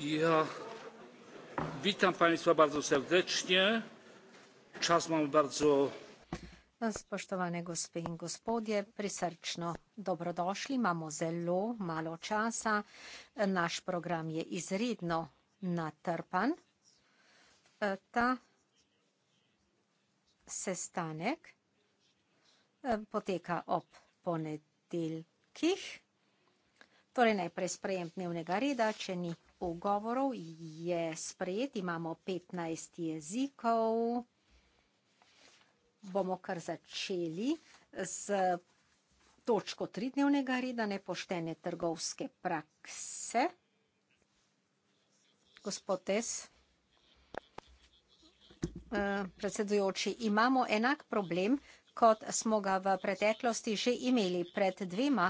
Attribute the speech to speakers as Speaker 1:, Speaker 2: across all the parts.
Speaker 1: Ja witam państwa bardzo serdecznie. Czas mam bardzo.
Speaker 2: Spoštovane gospe in gospodje, prisrčno dobrodošli. Imamo zelo malo časa. Naš program je izredno natrpan. Ta sestanek eh, poteka ob ponedeljkih. Torej najprej sprejem dnevnega reda, če ni ugovorov je sprejet, imamo 15 jezikov. Bomo kar začeli z točko tridnevnega reda nepoštene trgovske prakse. Gospod Tes, eh, predsedujoči, imamo enak problem, kot smo ga v preteklosti že imeli pred dvema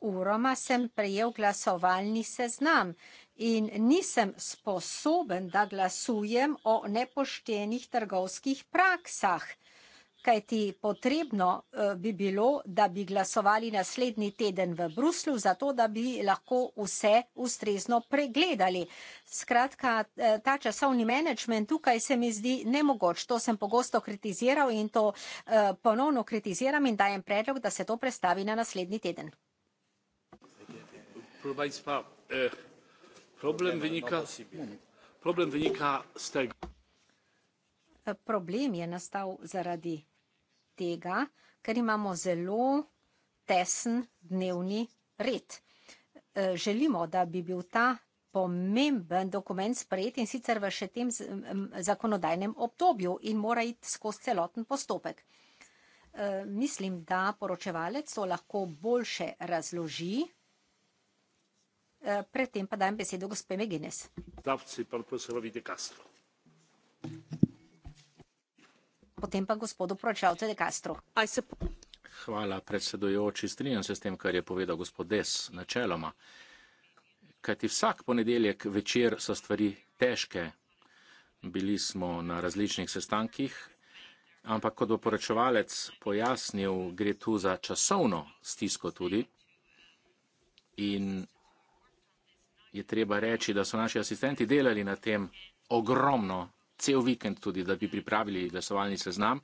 Speaker 2: uroma sem prejel glasovalni seznam in nisem sposoben, da glasujem o nepoštenih trgovskih praksah. Kajti potrebno eh, bi bilo, da bi glasovali naslednji teden v Bruslu, zato da bi lahko vse ustrezno pregledali. Skratka, eh, ta časovni menedžment tukaj se mi zdi nemogoč. To sem pogosto kritiziral in to eh, ponovno kritiziram in dajem predlog, da se to prestavi na naslednji teden.
Speaker 1: Proszę Państwa, e, problem wynika, problem wynika z tego.
Speaker 2: E, problem je nastal zaradi tega, ker imamo zelo tesen dnevni red. E, želimo, da bi bil ta pomemben dokument sprejet in sicer v še tem zakonodajnem obdobju in mora iti skozi celoten postopek. Mislim, da poročevalec to lahko boljše razloži pred tem pa dajem besedo gospe mcguinness. potem pa gospodu poročevalcu de castru.
Speaker 3: hvala predsedujoči strinjam se s tem kar je povedal gospod dess načeloma kajti vsak ponedeljek večer so stvari težke bili smo na različnih sestankih ampak kot bo poročevalec pojasnil gre tu za časovno stisko tudi in je treba reči, da so naši asistenti delali na tem ogromno, cel vikend tudi, da bi pripravili glasovalni seznam.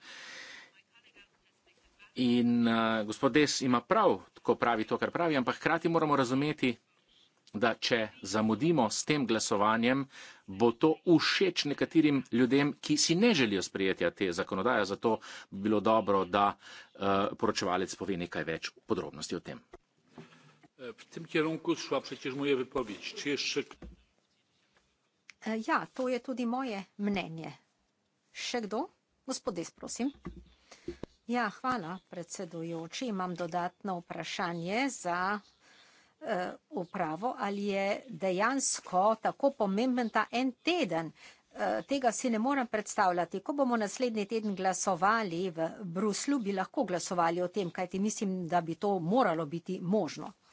Speaker 3: In uh, gospod Des ima prav, ko pravi to, kar pravi, ampak hkrati moramo razumeti, da če zamudimo s tem glasovanjem, bo to všeč nekaterim ljudem, ki si ne želijo sprejetja te zakonodaje. Zato bi bilo dobro, da uh, poročevalec pove nekaj več podrobnosti o tem v e,
Speaker 1: tem kierunku šla przecież moja wypowiedź. Czy jeszcze...
Speaker 2: E, ja, to je tudi moje mnenje. Še kdo? Gospod Des, prosim. Ja, hvala, predsedujoči. Imam dodatno vprašanje za uh, upravo, ali je dejansko tako pomemben ta en teden. Uh, tega si ne morem predstavljati. Ko bomo naslednji teden glasovali v Bruslju, bi lahko glasovali o tem, kajti mislim, da bi to moralo biti možno.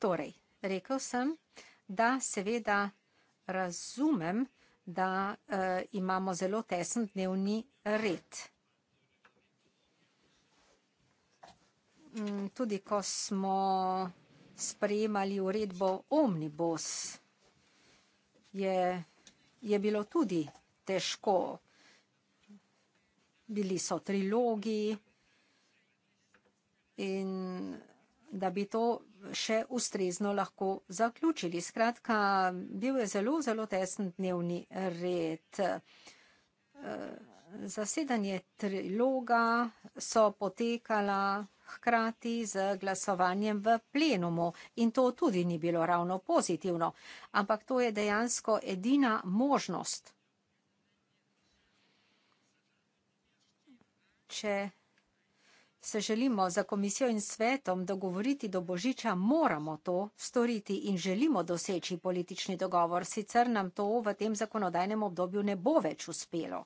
Speaker 2: Torej, rekel sem, da seveda razumem, da uh, imamo zelo tesen dnevni red. Mm, tudi ko smo sprejemali uredbo Omnibus, je, je bilo tudi težko. Bili so trilogi in da bi to še ustrezno lahko zaključili. Skratka, bil je zelo, zelo tesen dnevni red. Eh, zasedanje triloga so potekala hkrati z glasovanjem v plenumu in to tudi ni bilo ravno pozitivno, ampak to je dejansko edina možnost. Če se želimo za komisijo in svetom dogovoriti do božiča, moramo to storiti in želimo doseči politični dogovor, sicer nam to v tem zakonodajnem obdobju ne bo več uspelo.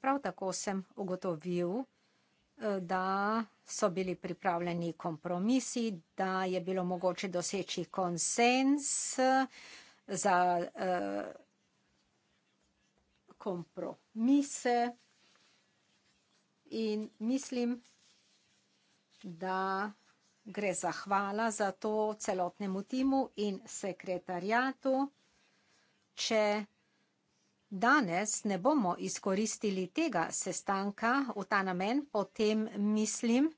Speaker 2: Prav tako sem ugotovil, da so bili pripravljeni kompromisi, da je bilo mogoče doseči konsens za eh, kompromise in mislim, da gre za hvala za to celotnemu timu in sekretarjatu. Če danes ne bomo izkoristili tega sestanka v ta namen, potem mislim,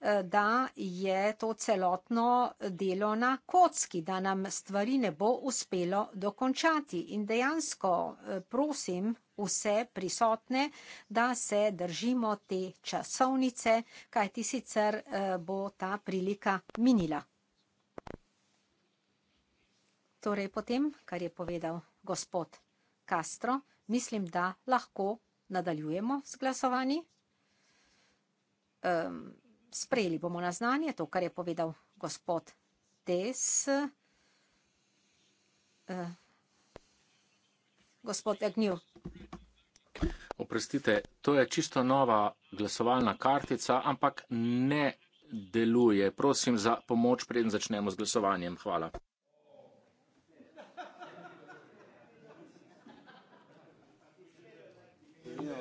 Speaker 2: eh, da je to celotno delo na kocki, da nam stvari ne bo uspelo dokončati. In dejansko eh, prosim vse prisotne, da se držimo te časovnice, kaj ti sicer eh, bo ta prilika minila. Torej potem, kar je povedal gospod Castro, mislim, da lahko nadaljujemo z glasovanji. Sprejeli bomo na znanje to, kar je povedal gospod Tes. Eh, gospod Agnew,
Speaker 3: Oprostite, to je čisto nova glasovalna kartica, ampak ne deluje. Prosim za pomoč, preden začnemo z glasovanjem. Hvala.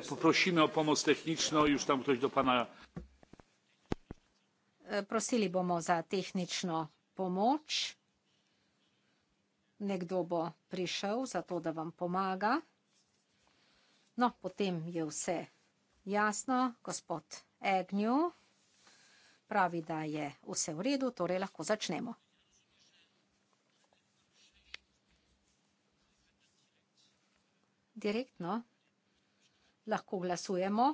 Speaker 1: Poprosimo pomoč tehnično, už tam ktoś do pana.
Speaker 2: E, prosili bomo za tehnično pomoč. Nekdo bo prišel za to, da vam pomaga. No, potem je vse jasno, gospod Egnjo pravi, da je vse v redu, torej lahko začnemo. Direktno lahko glasujemo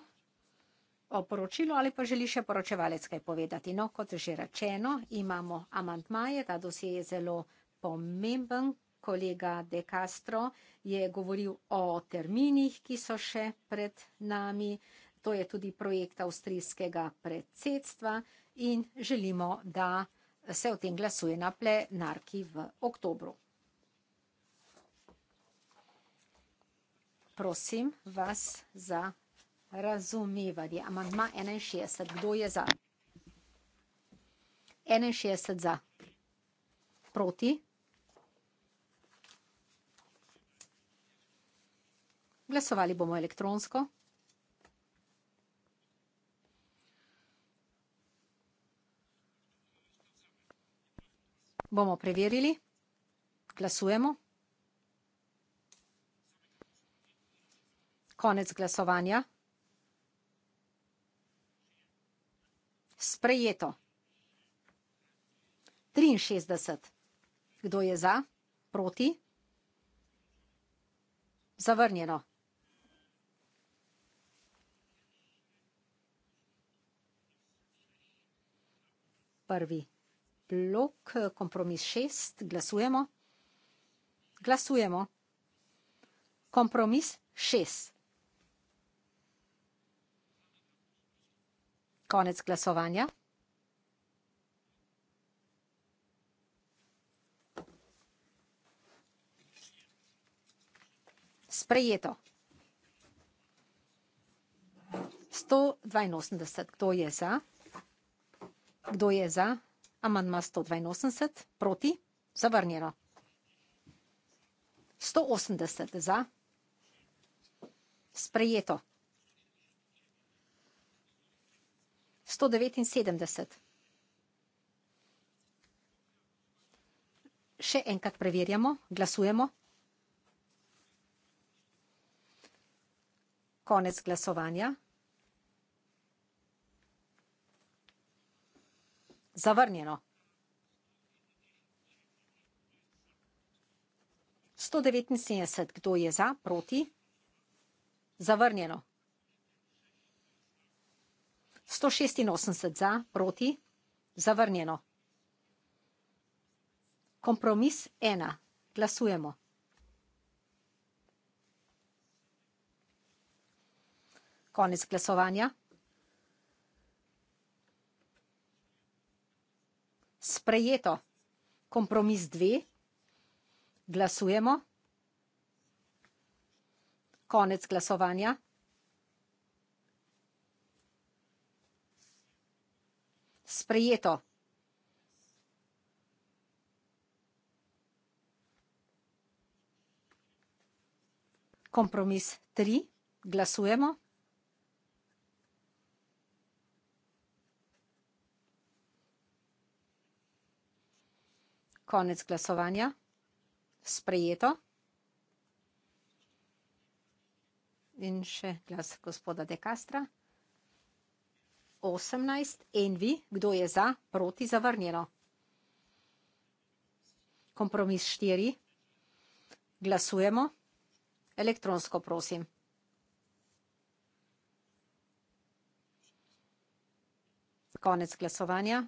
Speaker 2: o poročilu ali pa želi še poročevalec kaj povedati. No, kot že rečeno, imamo amantmaje, ta dosje je zelo pomemben, kolega De Castro je govoril o terminih, ki so še pred nami. To je tudi projekt avstrijskega predsedstva in želimo, da se o tem glasuje na plenarki v oktobru. Prosim vas za razumevanje. Amandma 61. Kdo je za? 61 za. Proti? Glasovali bomo elektronsko. Bomo preverili. Glasujemo. Konec glasovanja. Sprejeto. Triinšestdeset. Kdo je za? Proti? Zavrnjeno. prvi blok, eh, kompromis šest, glasujemo. Glasujemo. Kompromis šest. Konec glasovanja. Sprejeto. 182, kdo je za? Kdo je za amandma 182? Proti? Zavrnjeno. 180 za. Sprejeto. 179. Še enkrat preverjamo, glasujemo. Konec glasovanja. zavrnjeno sto devetinsedemdeset kdo je za proti zavrnjeno sto šestinosemdeset za proti zavrnjeno kompromis ena glasujemo konec glasovanja sprejeto. Kompromis dve. Glasujemo. Konec glasovanja. Sprejeto. Kompromis tri. Glasujemo. Konec glasovanja. Sprejeto. In še glas gospoda De Castra. 18. En vi, kdo je za, proti, zavrnjeno. Kompromis 4. Glasujemo. Elektronsko, prosim. Konec glasovanja.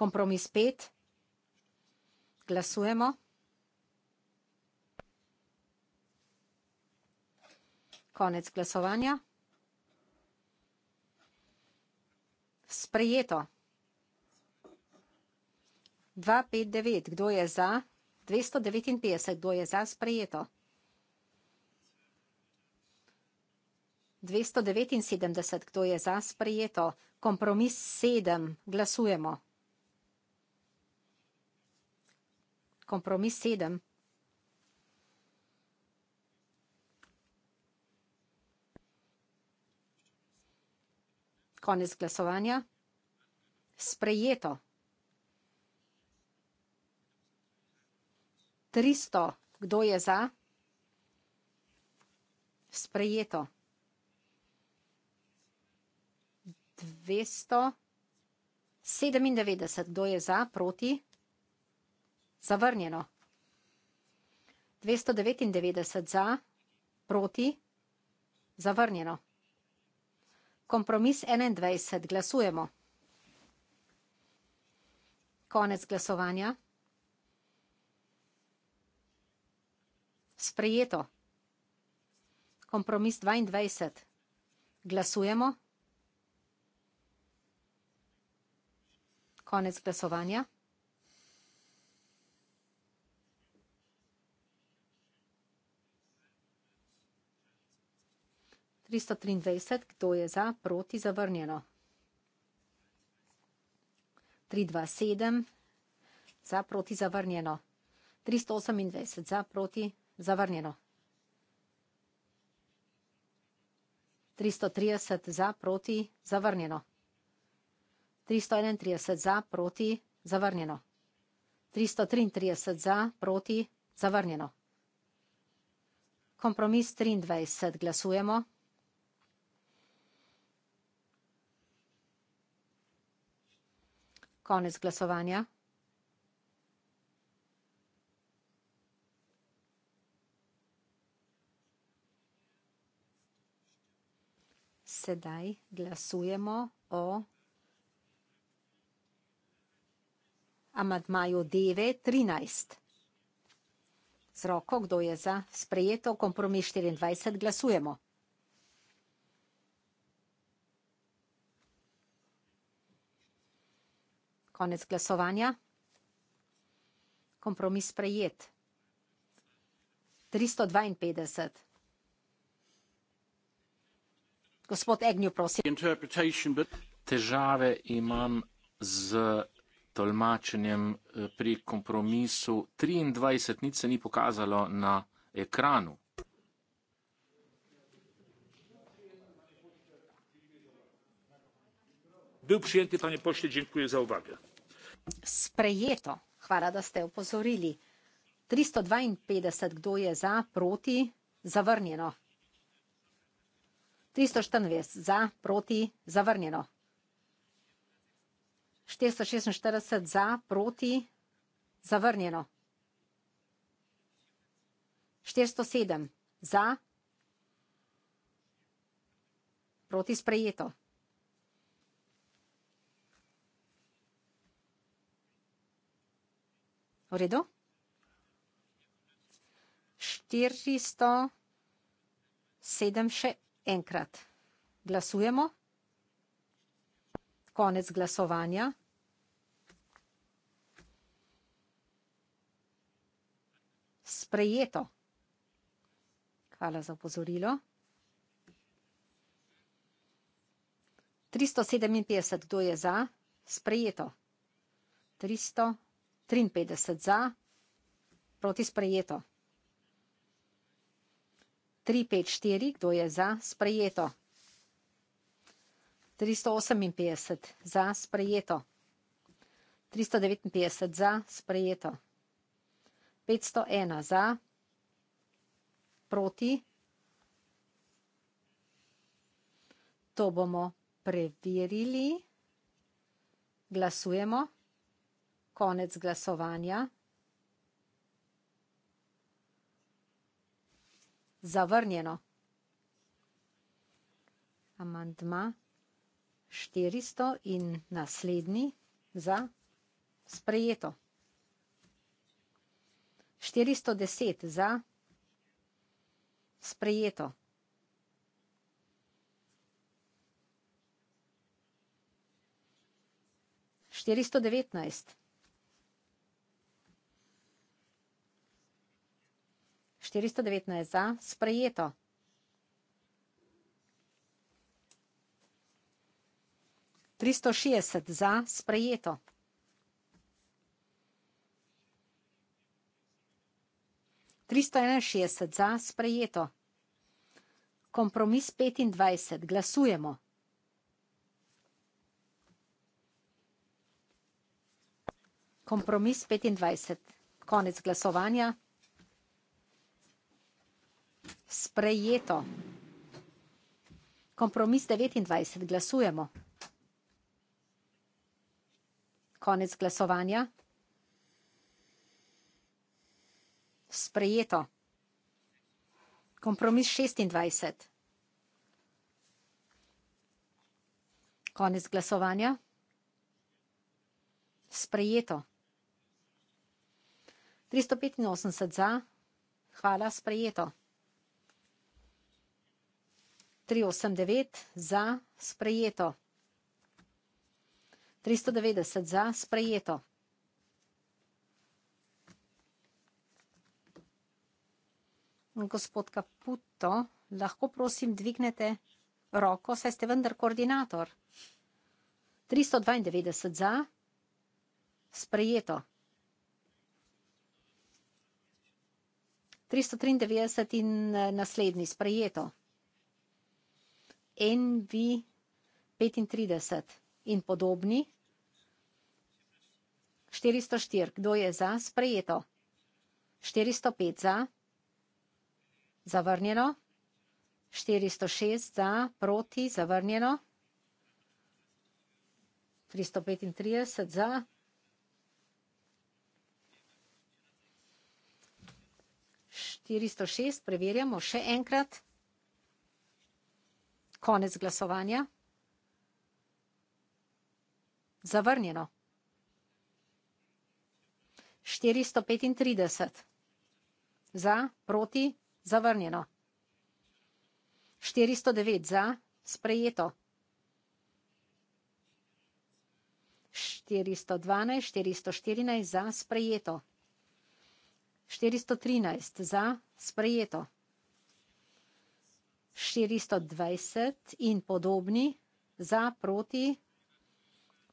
Speaker 2: kompromis pet. Glasujemo. Konec glasovanja. Sprejeto. 259. Kdo je za? 259. Kdo je za? Sprejeto. 279. Kdo je za? Sprejeto. Kompromis 7. Glasujemo. kompromis sedem. Konec glasovanja. Sprejeto. Tristo. Kdo je za? Sprejeto. Dvesto. Sedemindevetdeset. Kdo je za? Proti zavrnjeno dvesto devetindevetdeset za proti zavrnjeno kompromis enaindvajset glasujemo konec glasovanja sprejeto kompromis dvaindvajset glasujemo konec glasovanja 323, kdo je za, proti, zavrnjeno. 327, za, proti, zavrnjeno. 328, za, proti, zavrnjeno. 330, za, proti, zavrnjeno. 331, za, proti, zavrnjeno. 333, za, proti, zavrnjeno. Kompromis 23, glasujemo. konec glasovanja sedaj glasujemo o amandmaju D V trinajst z roko, kdo je za sprejeto kompromis štiriindvajset glasujemo Konec glasovanja. Kompromis sprejet. 352.
Speaker 3: Gospod Egnjo, prosim. Težave imam z tolmačenjem eh, pri kompromisu. 23 nic se ni pokazalo na ekranu.
Speaker 1: Bil prijeti, pa ne pošti, dziękuję za uwagę
Speaker 2: sprejeto. Hvala, da ste upozorili. 352, kdo je za, proti, zavrnjeno. 394 za, proti, zavrnjeno. 446 za, proti, zavrnjeno. 407 za, proti sprejeto. V redu. Štiristo sedem še enkrat. Glasujemo. Konec glasovanja. Sprejeto. Hvala za upozorilo. Tristo sedeminpetdeset, kdo je za? Sprejeto. Tristo 300 triinpetdeset za, proti sprejeto. Tri, pet, štiri, kdo je za, sprejeto. Tristo oseminpetdeset za, sprejeto. Tristo devetinpetdeset za, sprejeto. Petsto ena za, proti. To bomo preverili. Glasujemo konec glasovanja. Zavrnjeno. Amandma 400 in naslednji za sprejeto. 410 za sprejeto. Štiristo devetnajst. štiristo za sprejeto tristo šestdeset za sprejeto tristo enainšestdeset za sprejeto kompromis petindvajset glasujemo kompromis petindvajset konec glasovanja sprejeto. Kompromis devetindvajset, glasujemo. Konec glasovanja. Sprejeto. Kompromis šestindvajset. Konec glasovanja. Sprejeto. Tristo petinosemdeset za, hvala, sprejeto. 389 za, sprejeto. 390 za, sprejeto. Gospod Caputo, lahko prosim dvignete roko, saj ste vendar koordinator? Tristo dvaindevetdeset za, sprejeto. Tristo triindevetdeset in, eh, naslednji, sprejeto. NV petintrideset in podobni. Štiristo štiri, kdo je za? Sprejeto. Štiristo pet za. Zavrnjeno. Štiristo šest za, proti, zavrnjeno. Tristo petintrideset za. Štiristo šest, preverjamo še enkrat. Konec glasovanja. Zavrnjeno. 435. Za, proti, zavrnjeno. 409 za, sprejeto. 412, 414 za, sprejeto. 413 za, sprejeto. 420 in podobni. Za, proti?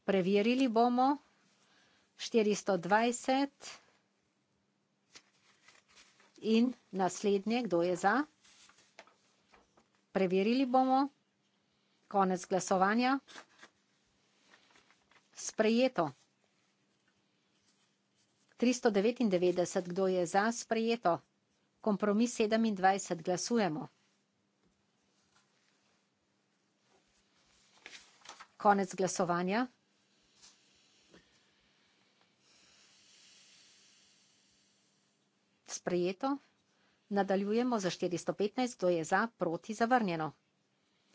Speaker 2: Preverili bomo. Štiristo dvajset. In naslednje, kdo je za? Preverili bomo. Konec glasovanja. Sprejeto. Tristo devetindevetdeset, kdo je za sprejeto? Kompromis sedemindvajset, glasujemo. konec glasovanja sprejeto. Nadaljujemo za štiristo petnajst, kdo je za, proti, zavrnjeno.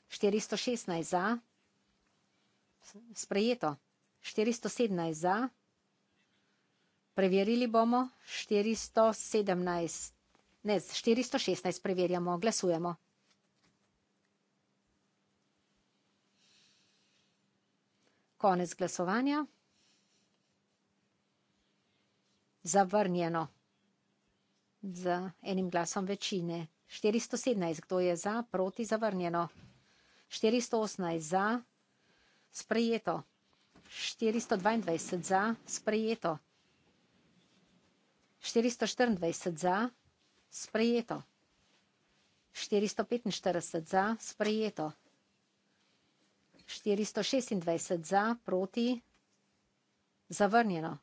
Speaker 2: štiristo šestnajst za, sprejeto. štiristo sedemnajst za, preverili bomo, štiristo sedemnajst, ne, štiristo šestnajst preverjamo, glasujemo. konec glasovanja zavrnjeno z enim glasom večine štiristo sedemnajst kdo je za proti zavrnjeno štiristo osemnajst za sprejeto štiristo dvaindvajset za sprejeto štiristo štiriindvajset za sprejeto štiristo petinštirideset za sprejeto 426 za, proti... Zavrnjeno.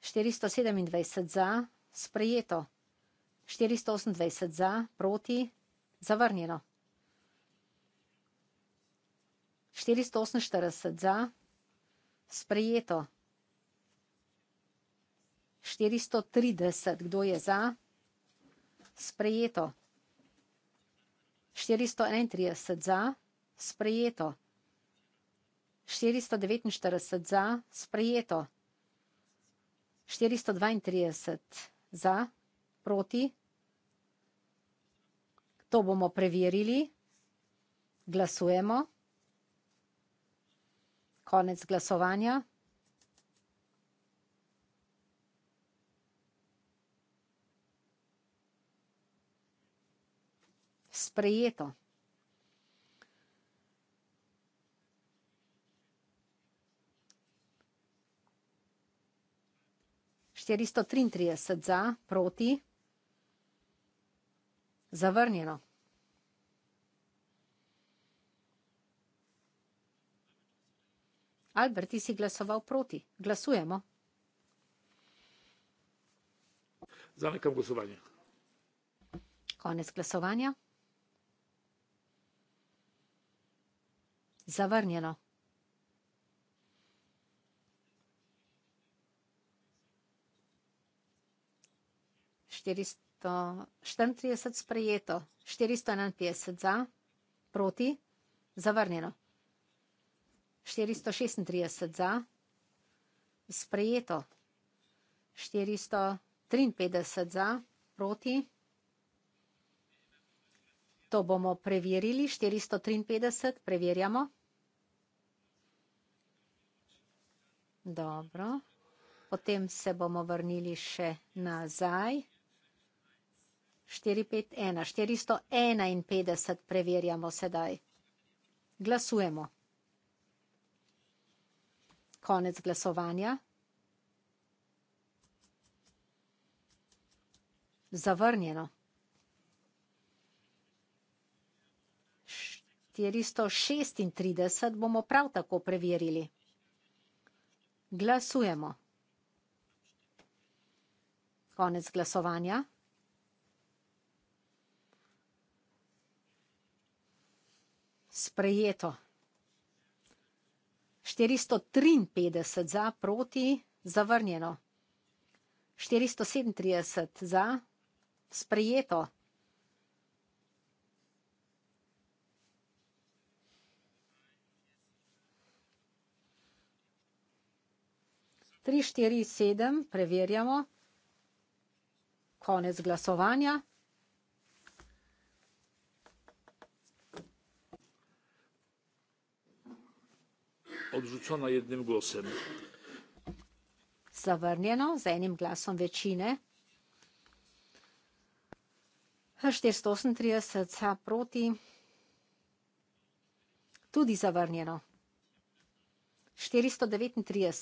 Speaker 2: 427 za, sprejeto. 428 za, proti... Zavrnjeno. 448 za, sprejeto. 430, kdo je za? Sprejeto. 431 za sprejeto. 449 za, sprejeto. 432 za, proti. To bomo preverili. Glasujemo. Konec glasovanja. Sprejeto. 433 za, proti. Zavrnjeno. Albert, ti si glasoval proti. Glasujemo.
Speaker 1: Zanekam glasovanje.
Speaker 2: Konec glasovanja. Zavrnjeno. 434 sprejeto, 451 za, proti, zavrnjeno. 436 za, sprejeto. 453 za, proti. To bomo preverili, 453, preverjamo. Dobro, potem se bomo vrnili še nazaj. 451, 451 preverjamo sedaj. Glasujemo. Konec glasovanja. Zavrnjeno. 436 bomo prav tako preverili. Glasujemo. Konec glasovanja. 451. sprejeto. 453 za, proti, zavrnjeno. 437 za, sprejeto. Tri, štiri, sedem, preverjamo. Konec glasovanja.
Speaker 1: odrzucona jednym głosem.
Speaker 2: Zawarniono z jednym głosem większości. 438 za proti. Tudi zavrnjeno. 439.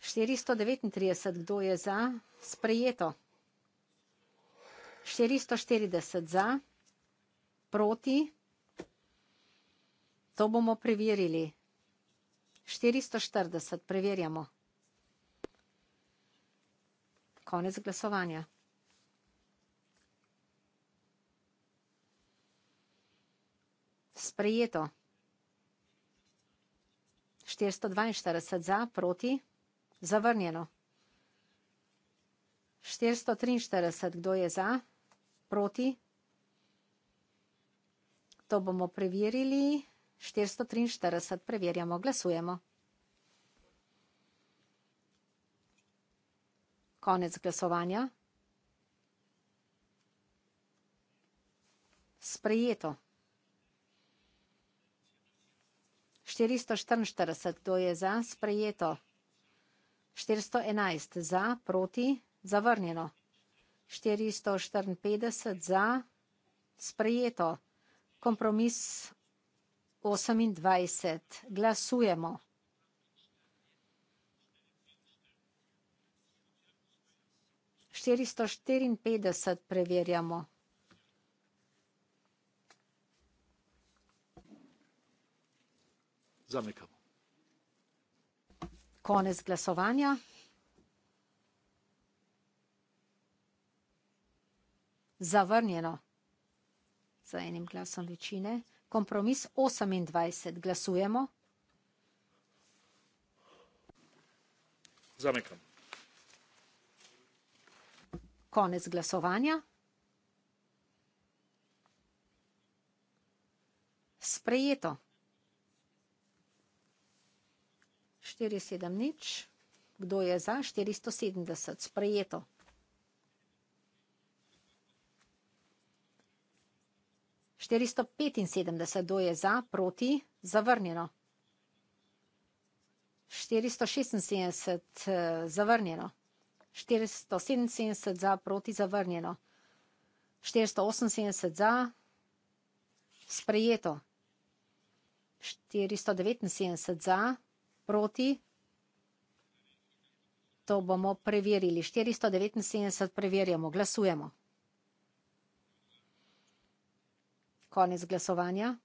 Speaker 2: 439, kdo je za? Sprejeto. 440 za, proti To bomo preverili. 440 preverjamo. Konec glasovanja. Sprejeto. 442 za, proti, zavrnjeno. 443, kdo je za, proti. To bomo preverili. 443, preverjamo, glasujemo. Konec glasovanja. Sprejeto. Štiristo štiriinštirideset, kdo je za? Sprejeto. Štiristo enajst za, proti? Zavrnjeno. Štiristo štiriinpetdeset za, sprejeto. Kompromis osemindvajset glasujemo štiristo štiriinpetdeset preverjamo zamikam konec glasovanja zavrnjeno z enim glasom večine Kompromis 28. Glasujemo. Zamekam. Konec glasovanja. Sprejeto. 47 nič. Kdo je za? 470. Sprejeto. štiristo kdo je za, proti, zavrnjeno. štiristo eh, zavrnjeno. štiristo za, proti, zavrnjeno. štiristo za, sprejeto. štiristo za, proti, to bomo preverili, štiristo preverjamo, glasujemo. konec glasovanja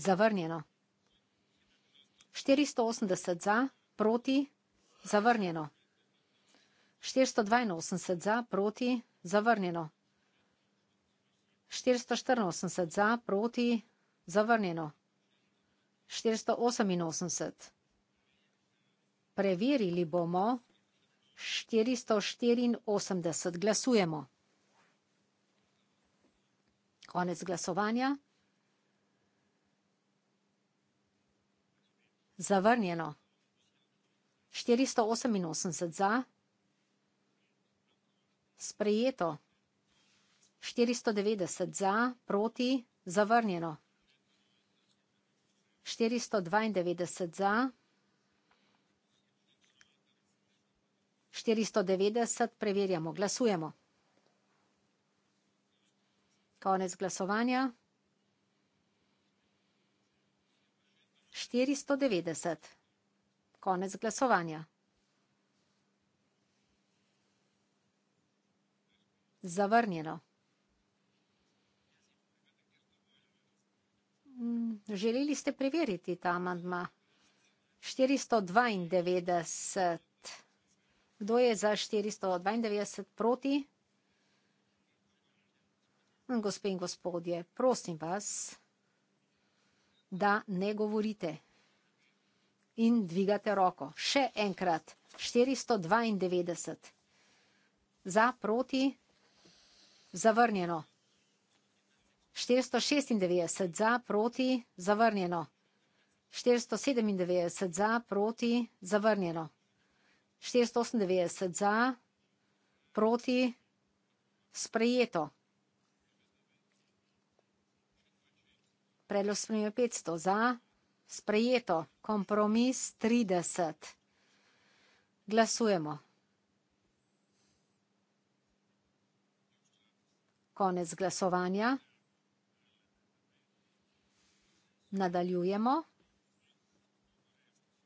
Speaker 2: zavrnjeno štiristo osemdeset za proti zavrnjeno štiristo dvainosemdeset za proti zavrnjeno štiristo štiriinosemdeset za proti zavrnjeno štiristo oseminosemdeset preverili bomo štiristo glasujemo. Konec glasovanja. Zavrnjeno. 488 za. Sprejeto. 490 za, proti, zavrnjeno. 492 za, štiristo preverjamo glasujemo konec glasovanja štiristo konec glasovanja zavrnjeno mm, želeli ste preveriti ta amandma štiristo dvaindevetdeset Kdo je za 492 proti? Gospe in gospodje, prosim vas, da ne govorite in dvigate roko. Še enkrat, 492 za proti, zavrnjeno. 496 za proti, zavrnjeno. 497 za proti, zavrnjeno. 498 za, proti sprejeto. Predlog spremembe 500 za, sprejeto. Kompromis 30. Glasujemo. Konec glasovanja. Nadaljujemo.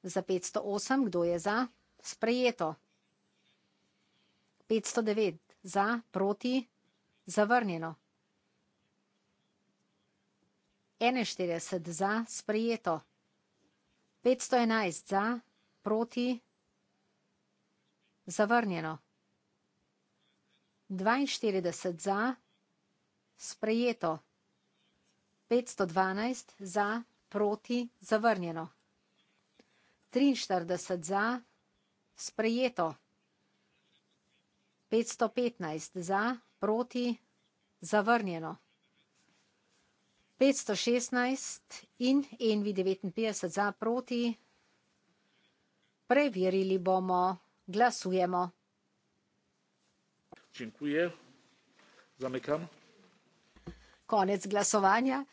Speaker 2: Za 508, kdo je za? sprejeto. 509 za, proti, zavrnjeno. 41 za, sprejeto. 511 za, proti, zavrnjeno. 42 za, sprejeto. 512 za, proti, zavrnjeno. 43 za, sprejeto. Sprejeto. 515 za, proti, zavrnjeno. 516 in NV 59 za, proti. Preverili bomo, glasujemo. Konec glasovanja.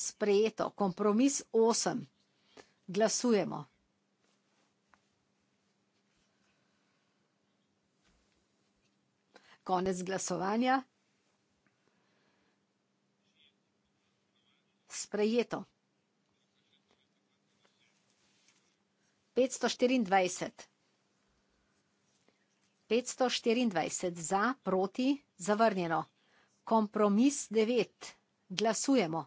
Speaker 2: sprejeto. Kompromis osem. Glasujemo. Konec glasovanja. Sprejeto. 524. 524 za, proti, zavrnjeno. Kompromis 9. Glasujemo.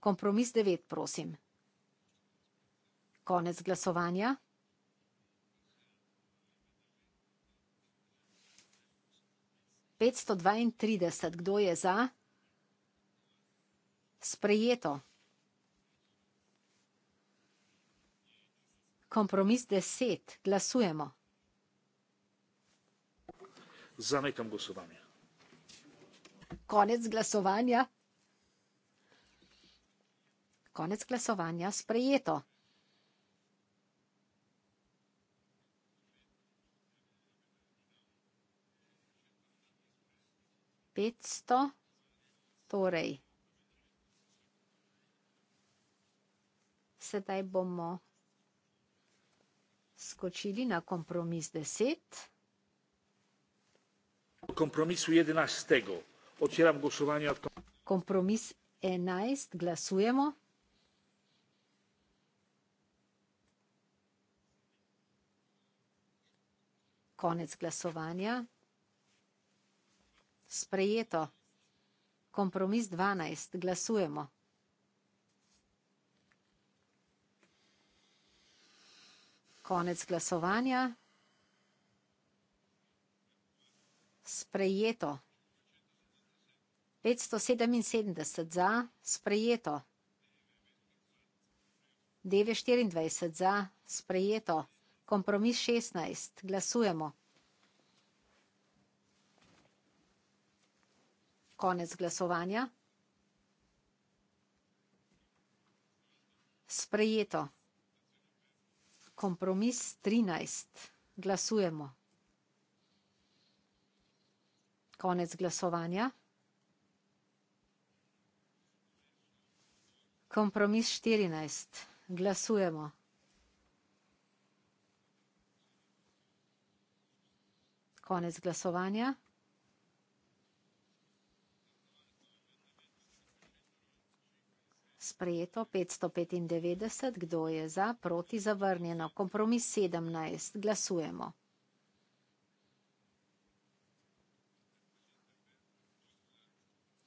Speaker 2: kompromis devet prosim konec glasovanja petsto dvaintrideset kdo je za sprejeto kompromis deset glasujemo
Speaker 1: zamikam glasovanje
Speaker 2: konec glasovanja Konec glasovanja sprejeto. Petsto, torej. Sedaj bomo skočili na kompromis deset.
Speaker 1: Kompromisu jedenajstega. Odpiram glasovanje.
Speaker 2: Kompromis enajst, glasujemo. Konec glasovanja. Sprejeto. Kompromis 12. Glasujemo. Konec glasovanja. Sprejeto. 577 za, sprejeto. 924 za, sprejeto kompromis šestnajst glasujemo konec glasovanja sprejeto kompromis trinajst glasujemo konec glasovanja kompromis štirinajst glasujemo konec glasovanja. Sprejeto 595, kdo je za, proti zavrnjeno. Kompromis 17, glasujemo.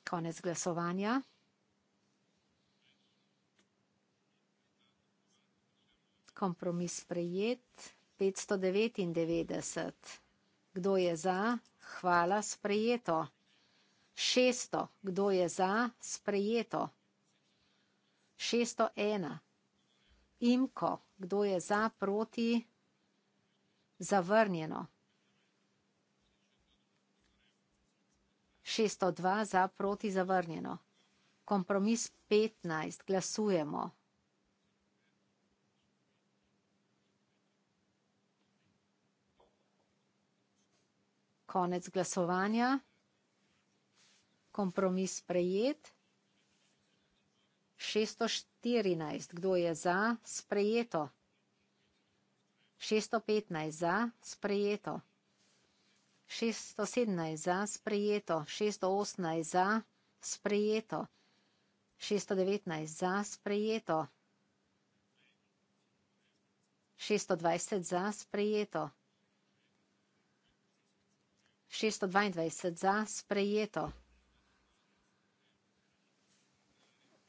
Speaker 2: Konec glasovanja. Kompromis sprejet 599. Kdo je za? Hvala, sprejeto. Šesto. Kdo je za? Sprejeto. Šesto ena. Imko. Kdo je za? Proti? Zavrnjeno. Šesto dva. Za? Proti? Zavrnjeno. Kompromis petnajst. Glasujemo. konec glasovanja. Kompromis sprejet. 614, kdo je za, sprejeto. 615 za, sprejeto. 617 za, sprejeto. 618 za, sprejeto. 619 za, sprejeto. 620 za, sprejeto šeststo dvaindvajset za, sprejeto.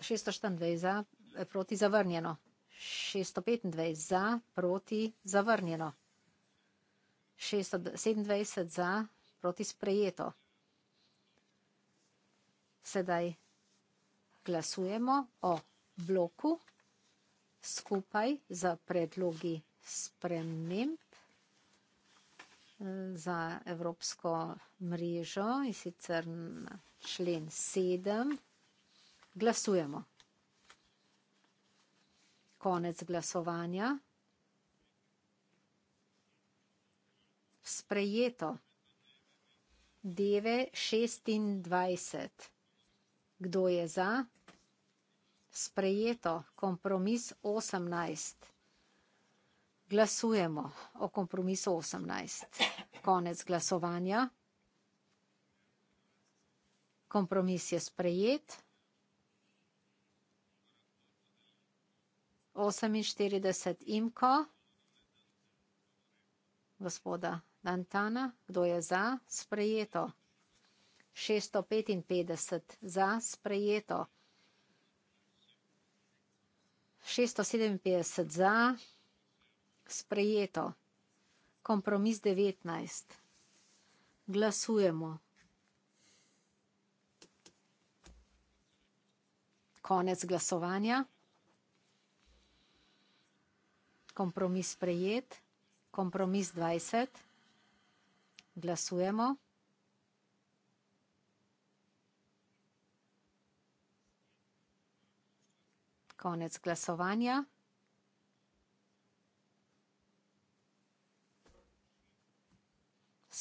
Speaker 2: šeststo štiriindvajset za, eh, proti zavrnjeno. šeststo petindvajset za, proti zavrnjeno. šeststo sedemindvajset za, proti sprejeto. Sedaj glasujemo o bloku skupaj s predlogi sprememb za evropsko mrežo in sicer na člen 7. Glasujemo. Konec glasovanja. Sprejeto. Deve 26. Kdo je za? Sprejeto. Kompromis 18. Glasujemo o kompromisu 18. Konec glasovanja. Kompromis je sprejet. 48 imko. Gospoda Dantana, kdo je za sprejeto? 655 za sprejeto. 657 za sprejeto. Kompromis 19. Glasujemo. Konec glasovanja. Kompromis sprejet. Kompromis 20. Glasujemo. Konec glasovanja.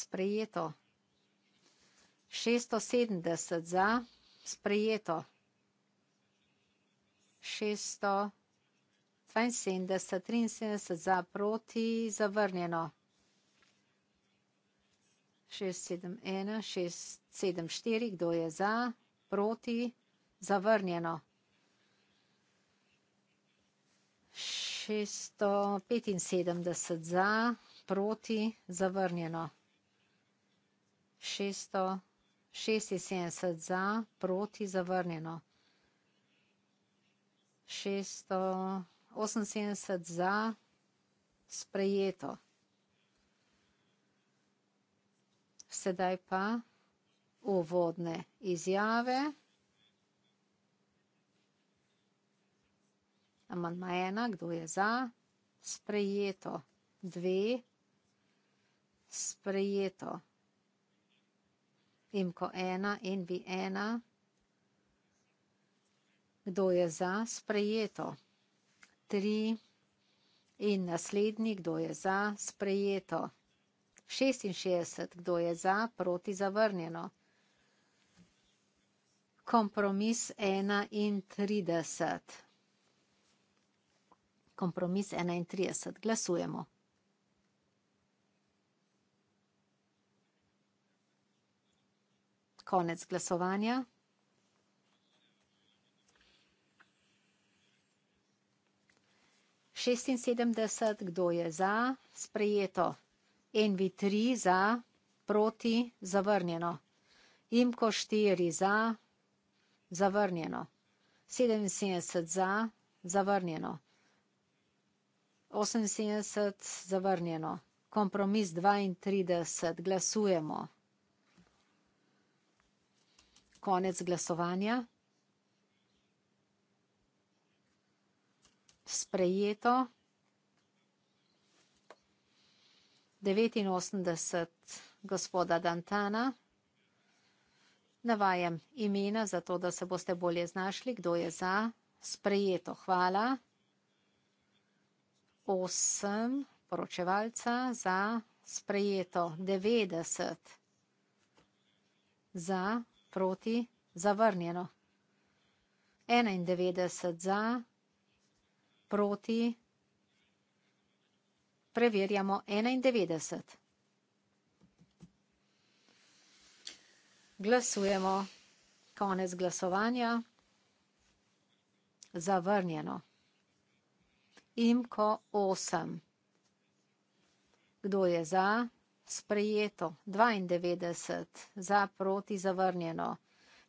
Speaker 2: sprejeto. Šeststo sedemdeset za, sprejeto. Šeststo dvainsedemdeset, triinsedemdeset za, proti, zavrnjeno. Šest sedem ena, šest sedem štiri, kdo je za, proti, zavrnjeno. Šeststo petinsedemdeset za, proti, zavrnjeno šeststo šestinsedemdeset za, proti zavrnjeno. Šeststo oseminsedemdeset za, sprejeto. Sedaj pa uvodne izjave. Amandma ena, kdo je za? Sprejeto. Dve, sprejeto. EMKO ena, NB ena. Kdo je za? Sprejeto. Tri. In naslednji, kdo je za? Sprejeto. Šestinšestdeset, kdo je za? Proti zavrnjeno. Kompromis ena in trideset. Kompromis ena in trideset. Glasujemo. konec glasovanja. Šestinsedemdeset, kdo je za? Sprejeto. NV tri za, proti, zavrnjeno. IMKO štiri za, zavrnjeno. Sedeminsedemdeset za, zavrnjeno. Oseminsedemdeset, zavrnjeno. Kompromis dvaintrideset, glasujemo konec glasovanja. Sprejeto. 89 gospoda Dantana. Navajam imena, zato da se boste bolje znašli, kdo je za. Sprejeto, hvala. 8 poročevalca za. Sprejeto, 90 za proti, zavrnjeno. 91 za, proti, preverjamo 91. Glasujemo, konec glasovanja, zavrnjeno. Imko 8. Kdo je za? sprejeto, dvaindevetdeset za, proti, zavrnjeno,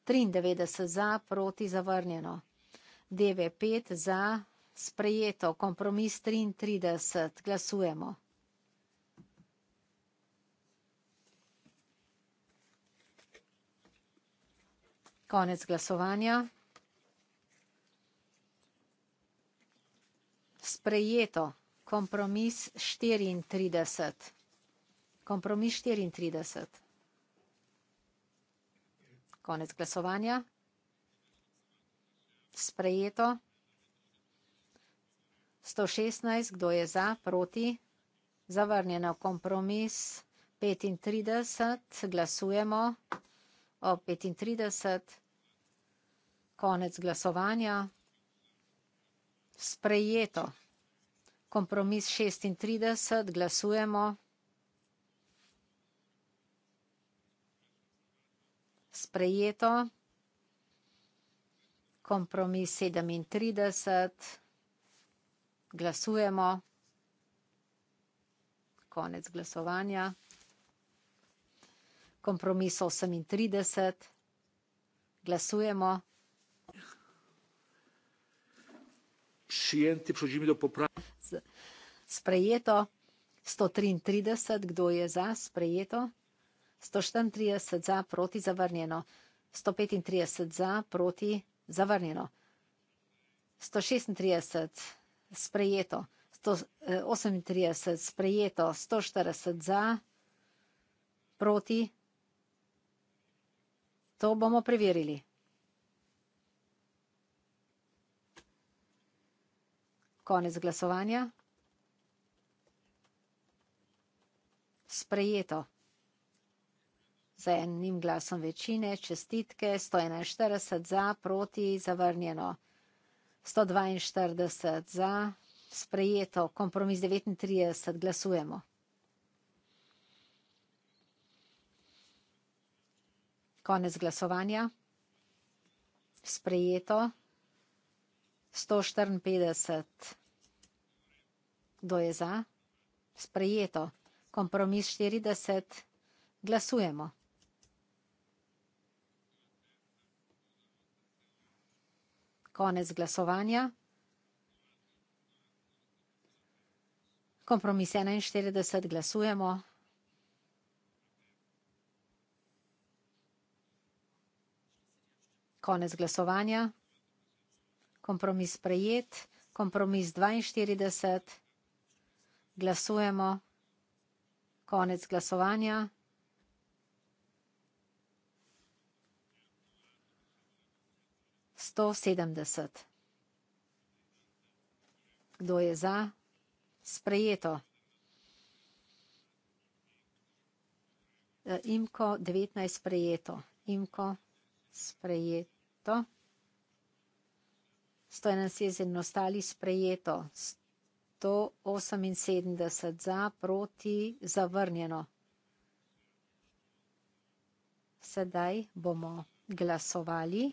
Speaker 2: triindevetdeset za, proti, zavrnjeno, devet pet za, sprejeto, kompromis triintrideset, glasujemo. Konec glasovanja. Sprejeto, kompromis štiriintrideset kompromis štiriintrideset konec glasovanja sprejeto sto šestnajst kdo je za proti zavrnjeno kompromis petintrideset glasujemo o petintrideset konec glasovanja sprejeto kompromis šestintrideset glasujemo sprejeto. Kompromis 37. Glasujemo. Konec glasovanja. Kompromis 38. Glasujemo. Sprejeto. 133. Kdo je za? Sprejeto. 134 za, proti zavrnjeno. 135 za, proti zavrnjeno. 136 sprejeto. 138 eh, sprejeto. 140 za, proti. To bomo preverili. Konec glasovanja. Sprejeto z enim glasom večine, čestitke, 141 za, proti, zavrnjeno, 142 za, sprejeto, kompromis 39, glasujemo. Konec glasovanja, sprejeto, 154, kdo je za, sprejeto, kompromis 40, glasujemo. konec glasovanja. Kompromis 41, glasujemo. Konec glasovanja. Kompromis prejet. Kompromis 42, glasujemo. Konec glasovanja. 170. Kdo je za? Sprejeto. E, Imko 19 sprejeto. Imko sprejeto. 171 in ostali sprejeto. 178 za, proti, zavrnjeno. Sedaj bomo glasovali.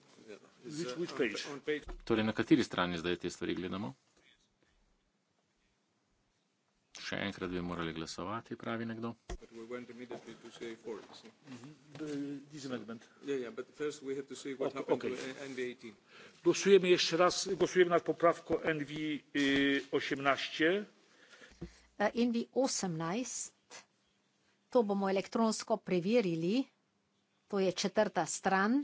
Speaker 3: Torej, na kateri strani zdaj te stvari gledamo? Še enkrat bi morali glasovati, pravi nekdo. Mhm. Glasujemo okay. še uh, raz,
Speaker 1: glasujemo nad popravko NV18.
Speaker 2: NV18, to bomo elektronsko preverili, to je četrta stran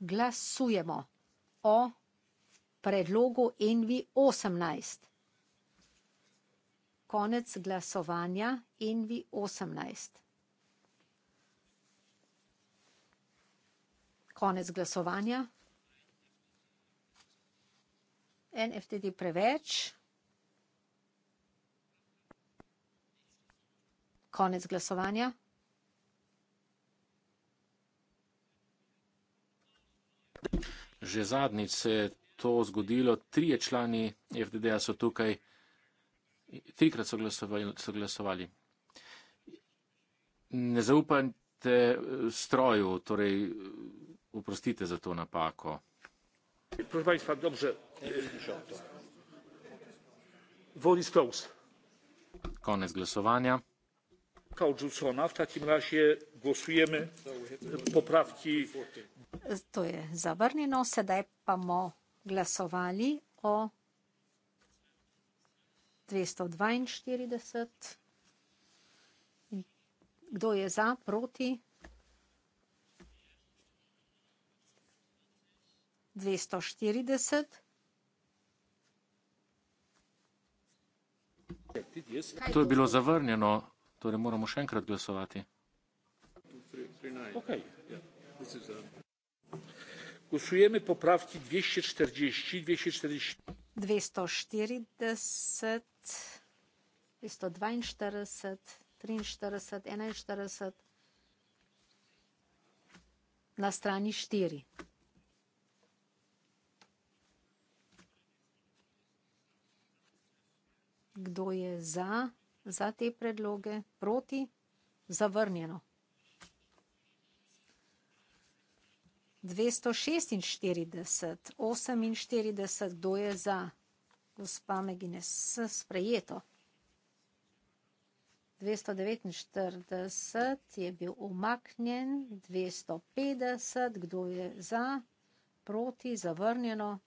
Speaker 2: glasujemo o predlogu Envi 18. Konec glasovanja Envi 18. Konec glasovanja. NFTD preveč. Konec glasovanja.
Speaker 3: Že zadnjič se je to zgodilo, trije člani FDD-a so tukaj, trikrat so glasovali. So glasovali. Ne zaupajte stroju, torej uprostite za to napako.
Speaker 1: Proszę Państwa, dobrze.
Speaker 3: Wolny Koniec głosowania
Speaker 1: poprawka odrzucona. W takim razie głosujemy poprawki.
Speaker 2: To jest zawarnieno. Sedaj pa mo glasowali o 242. Kdo je za, proti? 240.
Speaker 1: To je bilo
Speaker 3: zavrnjeno. Torej moramo še enkrat glasovati.
Speaker 1: Okay. Glasujemo popravki 240, 240.
Speaker 2: 240, 242, 43, 41 na strani 4. Kdo je za? za te predloge, proti, zavrnjeno. 246, 48, kdo je za gospa Megines sprejeto? 249 je bil umaknjen, 250, kdo je za, proti, zavrnjeno,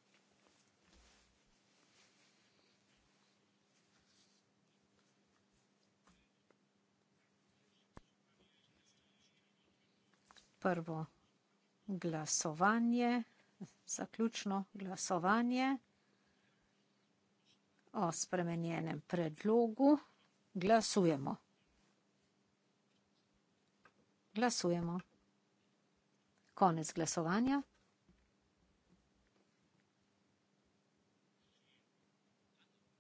Speaker 2: prvo glasovanje, zaključno glasovanje o spremenjenem predlogu. Glasujemo. Glasujemo. Konec glasovanja.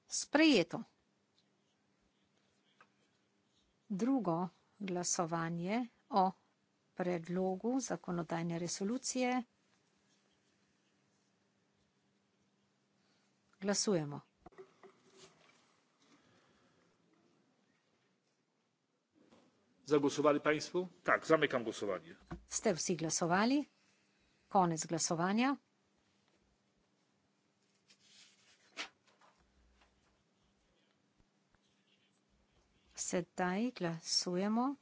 Speaker 2: Sprejeto. Drugo glasovanje o predlogu zakonodajne resolucije. Glasujemo.
Speaker 1: Zagosovali państwo? Tak, zamykam głosowanie.
Speaker 2: Ste wsi głosowali? Koniec głosowania. Sedaj głosujemy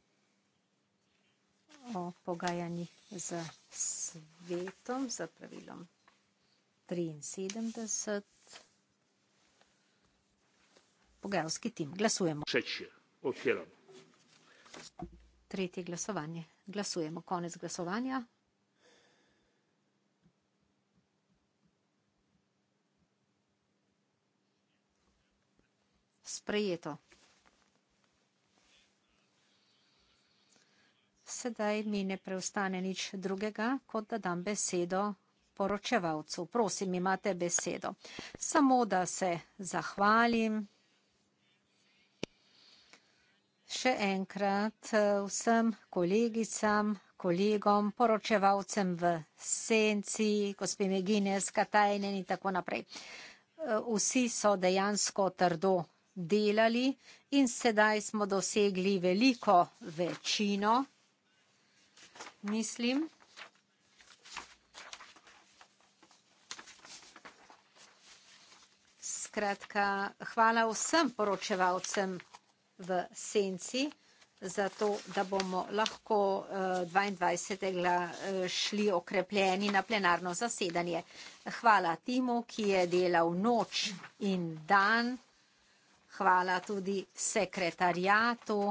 Speaker 2: o pogajanjih z svetom, z pravilom 73. Pogajalski tim, glasujemo.
Speaker 1: Tretje, odpiramo.
Speaker 2: Tretje glasovanje, glasujemo. Konec glasovanja. Sprejeto. sedaj mi ne preostane nič drugega, kot da dam besedo poročevalcu. Prosim, imate besedo. Samo da se zahvalim še enkrat eh, vsem kolegicam, kolegom, poročevalcem v Senci, gospodine Gines, Katajnen in tako naprej. Eh, vsi so dejansko trdo delali in sedaj smo dosegli veliko večino mislim, skratka, hvala vsem poročevalcem v senci za to, da bomo lahko 22. Eh, eh, šli okrepljeni na plenarno zasedanje. Hvala Timu, ki je delal noč in dan. Hvala tudi sekretarjatu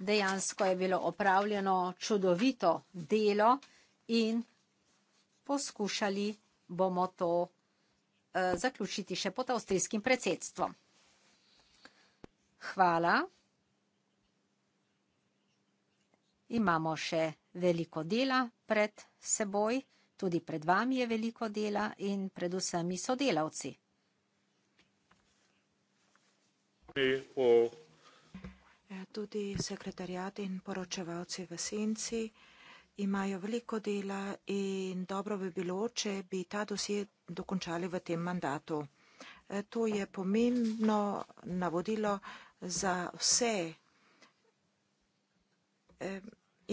Speaker 2: dejansko je bilo opravljeno čudovito delo in poskušali bomo to eh, zaključiti še pod avstrijskim predsedstvom. Hvala. Imamo še veliko dela pred seboj, tudi pred vami je veliko dela in pred vsemi sodelavci.
Speaker 4: Eh, tudi sekretarjat in poročevalci v senci imajo veliko dela in dobro bi bilo, če bi ta dosje dokončali v tem mandatu. Eh, to je pomembno navodilo za vse. Eh,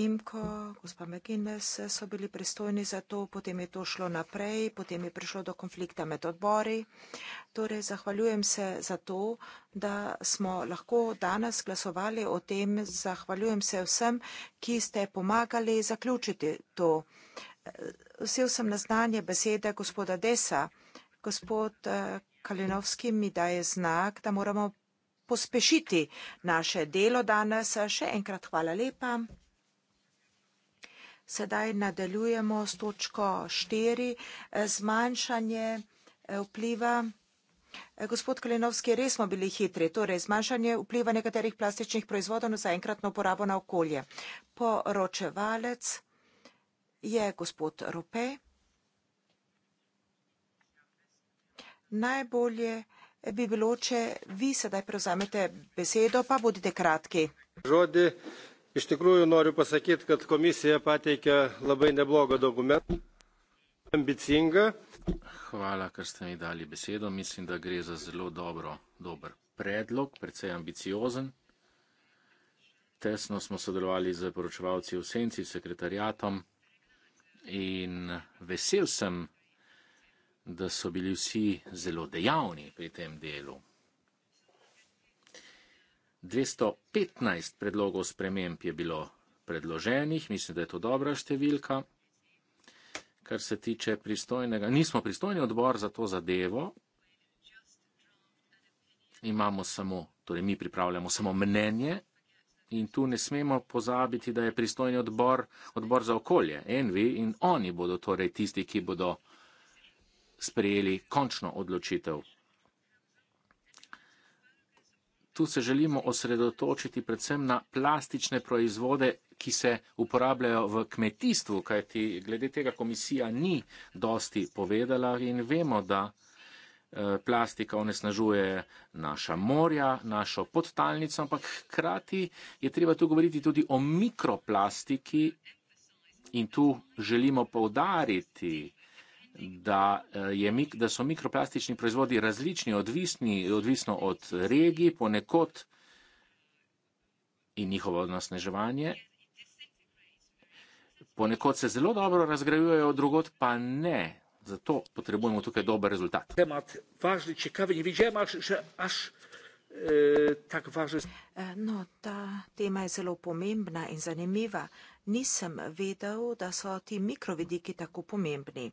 Speaker 4: IMKO, gospa McGuinness, so bili pristojni za to, potem je to šlo naprej, potem je prišlo do konflikta med odbori. Torej, zahvaljujem se za to, da smo lahko danes glasovali o tem. Zahvaljujem se vsem, ki ste pomagali zaključiti to. Vsel sem na znanje besede gospoda Desa. Gospod eh, Kalinovski mi daje znak, da moramo pospešiti naše delo danes. Še enkrat hvala lepa. Sedaj nadaljujemo s točko štiri, eh, zmanjšanje eh, vpliva. Eh, gospod Kalinovski, res smo bili hitri, torej zmanjšanje vpliva nekaterih plastičnih proizvodov za enkratno uporabo na okolje. Poročevalec je gospod Rope. Najbolje bi bilo, če vi sedaj prevzamete besedo, pa bodite kratki.
Speaker 1: Žodi iš tikrųjų noriu pasakyti kad komisija pateikė labai neblogą dokumentą ambicingą.
Speaker 3: Hvala, ker ste mi dali besedo. Mislim, da gre za zelo dobro, dober predlog, precej ambiciozen. Tesno smo sodelovali z poročevalci v senci, sekretarjatom in vesel sem, da so bili vsi zelo dejavni pri tem delu. 215 predlogov sprememb je bilo predloženih, mislim, da je to dobra številka. Kar se tiče pristojnega, nismo pristojni odbor za to zadevo, imamo samo, torej mi pripravljamo samo mnenje in tu ne smemo pozabiti, da je pristojni odbor, odbor za okolje, NV in oni bodo torej tisti, ki bodo sprejeli končno odločitev Tu se želimo osredotočiti predvsem na plastične proizvode, ki se uporabljajo v kmetijstvu, kajti glede tega komisija ni dosti povedala in vemo, da eh, plastika onesnažuje naša morja, našo podtalnico, ampak hkrati je treba tu govoriti tudi o mikroplastiki in tu želimo povdariti da, eh, je, da so mikroplastični proizvodi različni, odvisni, odvisno od regij, ponekod in njihovo nasneževanje. Ponekod se zelo dobro razgrajujejo, drugot pa ne. Zato potrebujemo tukaj dober rezultat.
Speaker 1: E,
Speaker 4: e, no, ta tema je zelo pomembna in zanimiva. Nisem vedel, da so ti mikrovidiki tako pomembni.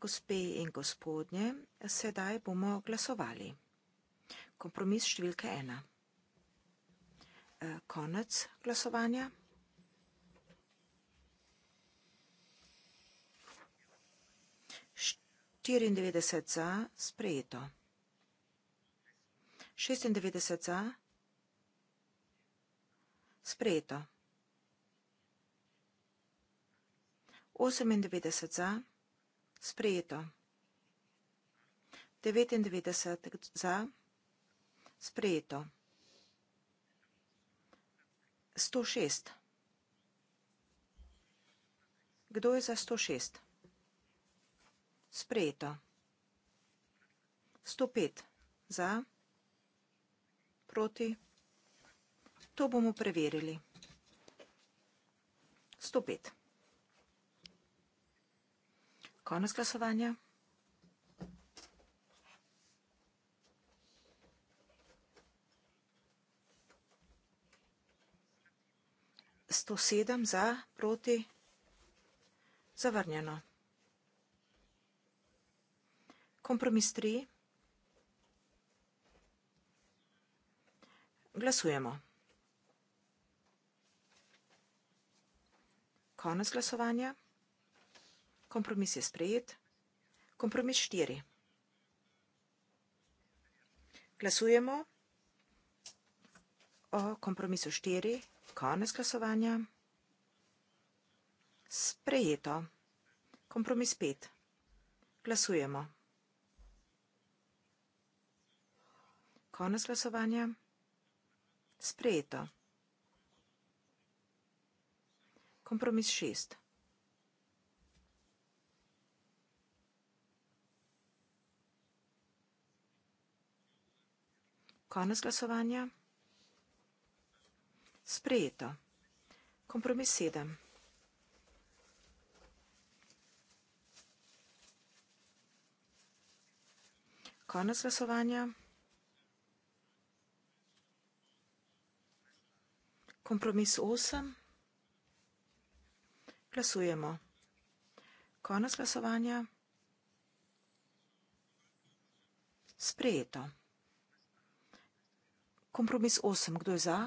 Speaker 4: Gospe in gospodje, sedaj bomo glasovali. Kompromis številka ena. E, konec glasovanja. Štiriindevetdeset za, sprejeto. Šestindevetdeset za, sprejeto. Osemindevetdeset za, sprejeto sprejeto. 99 za, sprejeto. 106. Kdo je za 106? Sprejeto. 105 za, proti. To bomo preverili. 105 konec glasovanja. Sto sedem za, proti, zavrnjeno. Kompromis tri. Glasujemo. Konec glasovanja. Kompromis je sprejet. Kompromis štiri. Glasujemo o kompromisu štiri, konec glasovanja. Sprejeto. Kompromis pet. Glasujemo. Konec glasovanja. Sprejeto. Kompromis šest. Konec glasovanja. Sprejeto. Kompromis sedem. Konec glasovanja. Kompromis osem. Glasujemo. Konec glasovanja. Sprejeto kompromis 8. Kdo je za?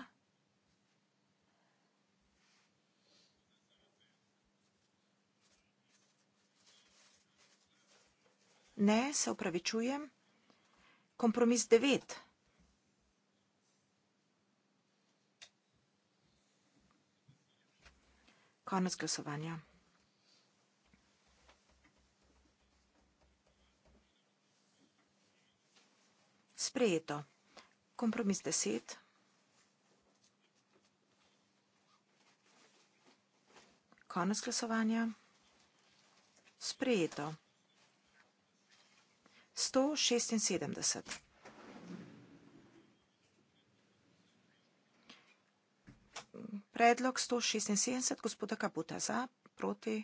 Speaker 4: Ne, se upravičujem. Kompromis 9. Konec glasovanja. Sprejeto kompromis deset. Konec glasovanja. Sprejeto. 176. Predlog 176 gospoda Kabuta za, proti.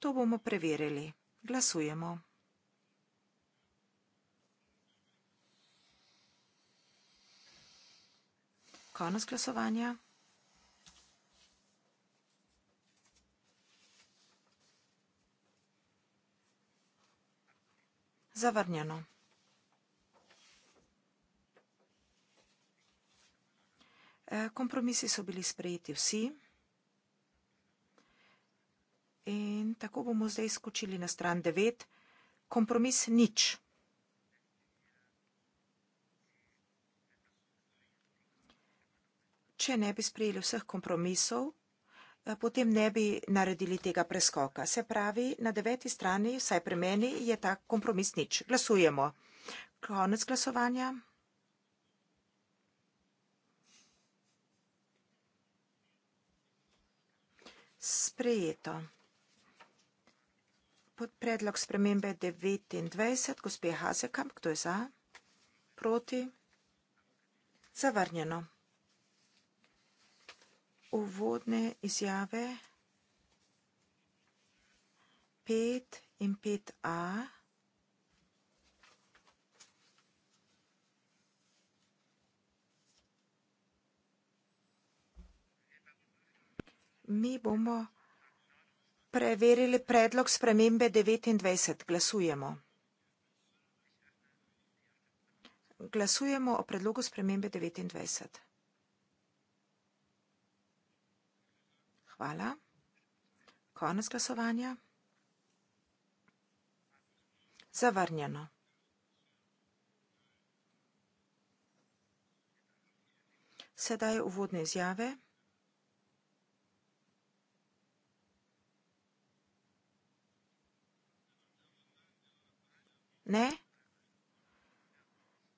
Speaker 4: To bomo preverili. Glasujemo. Konec glasovanja. Zavrnjeno. E, kompromisi so bili sprejeti vsi. In tako bomo zdaj skočili na stran 9. Kompromis nič. če ne bi sprejeli vseh kompromisov, eh, potem ne bi naredili tega preskoka. Se pravi, na deveti strani, vsaj pri meni, je ta kompromis nič. Glasujemo. Konec glasovanja. Sprejeto. Pod predlog spremembe 29, gospe Hazekamp, kdo je za? Proti? Zavrnjeno uvodne izjave 5 in 5a. Mi bomo preverili predlog spremembe 29. Glasujemo. Glasujemo o predlogu spremembe 29. Hvala. Konec glasovanja. Zavrnjeno. Sedaj uvodne izjave. Ne.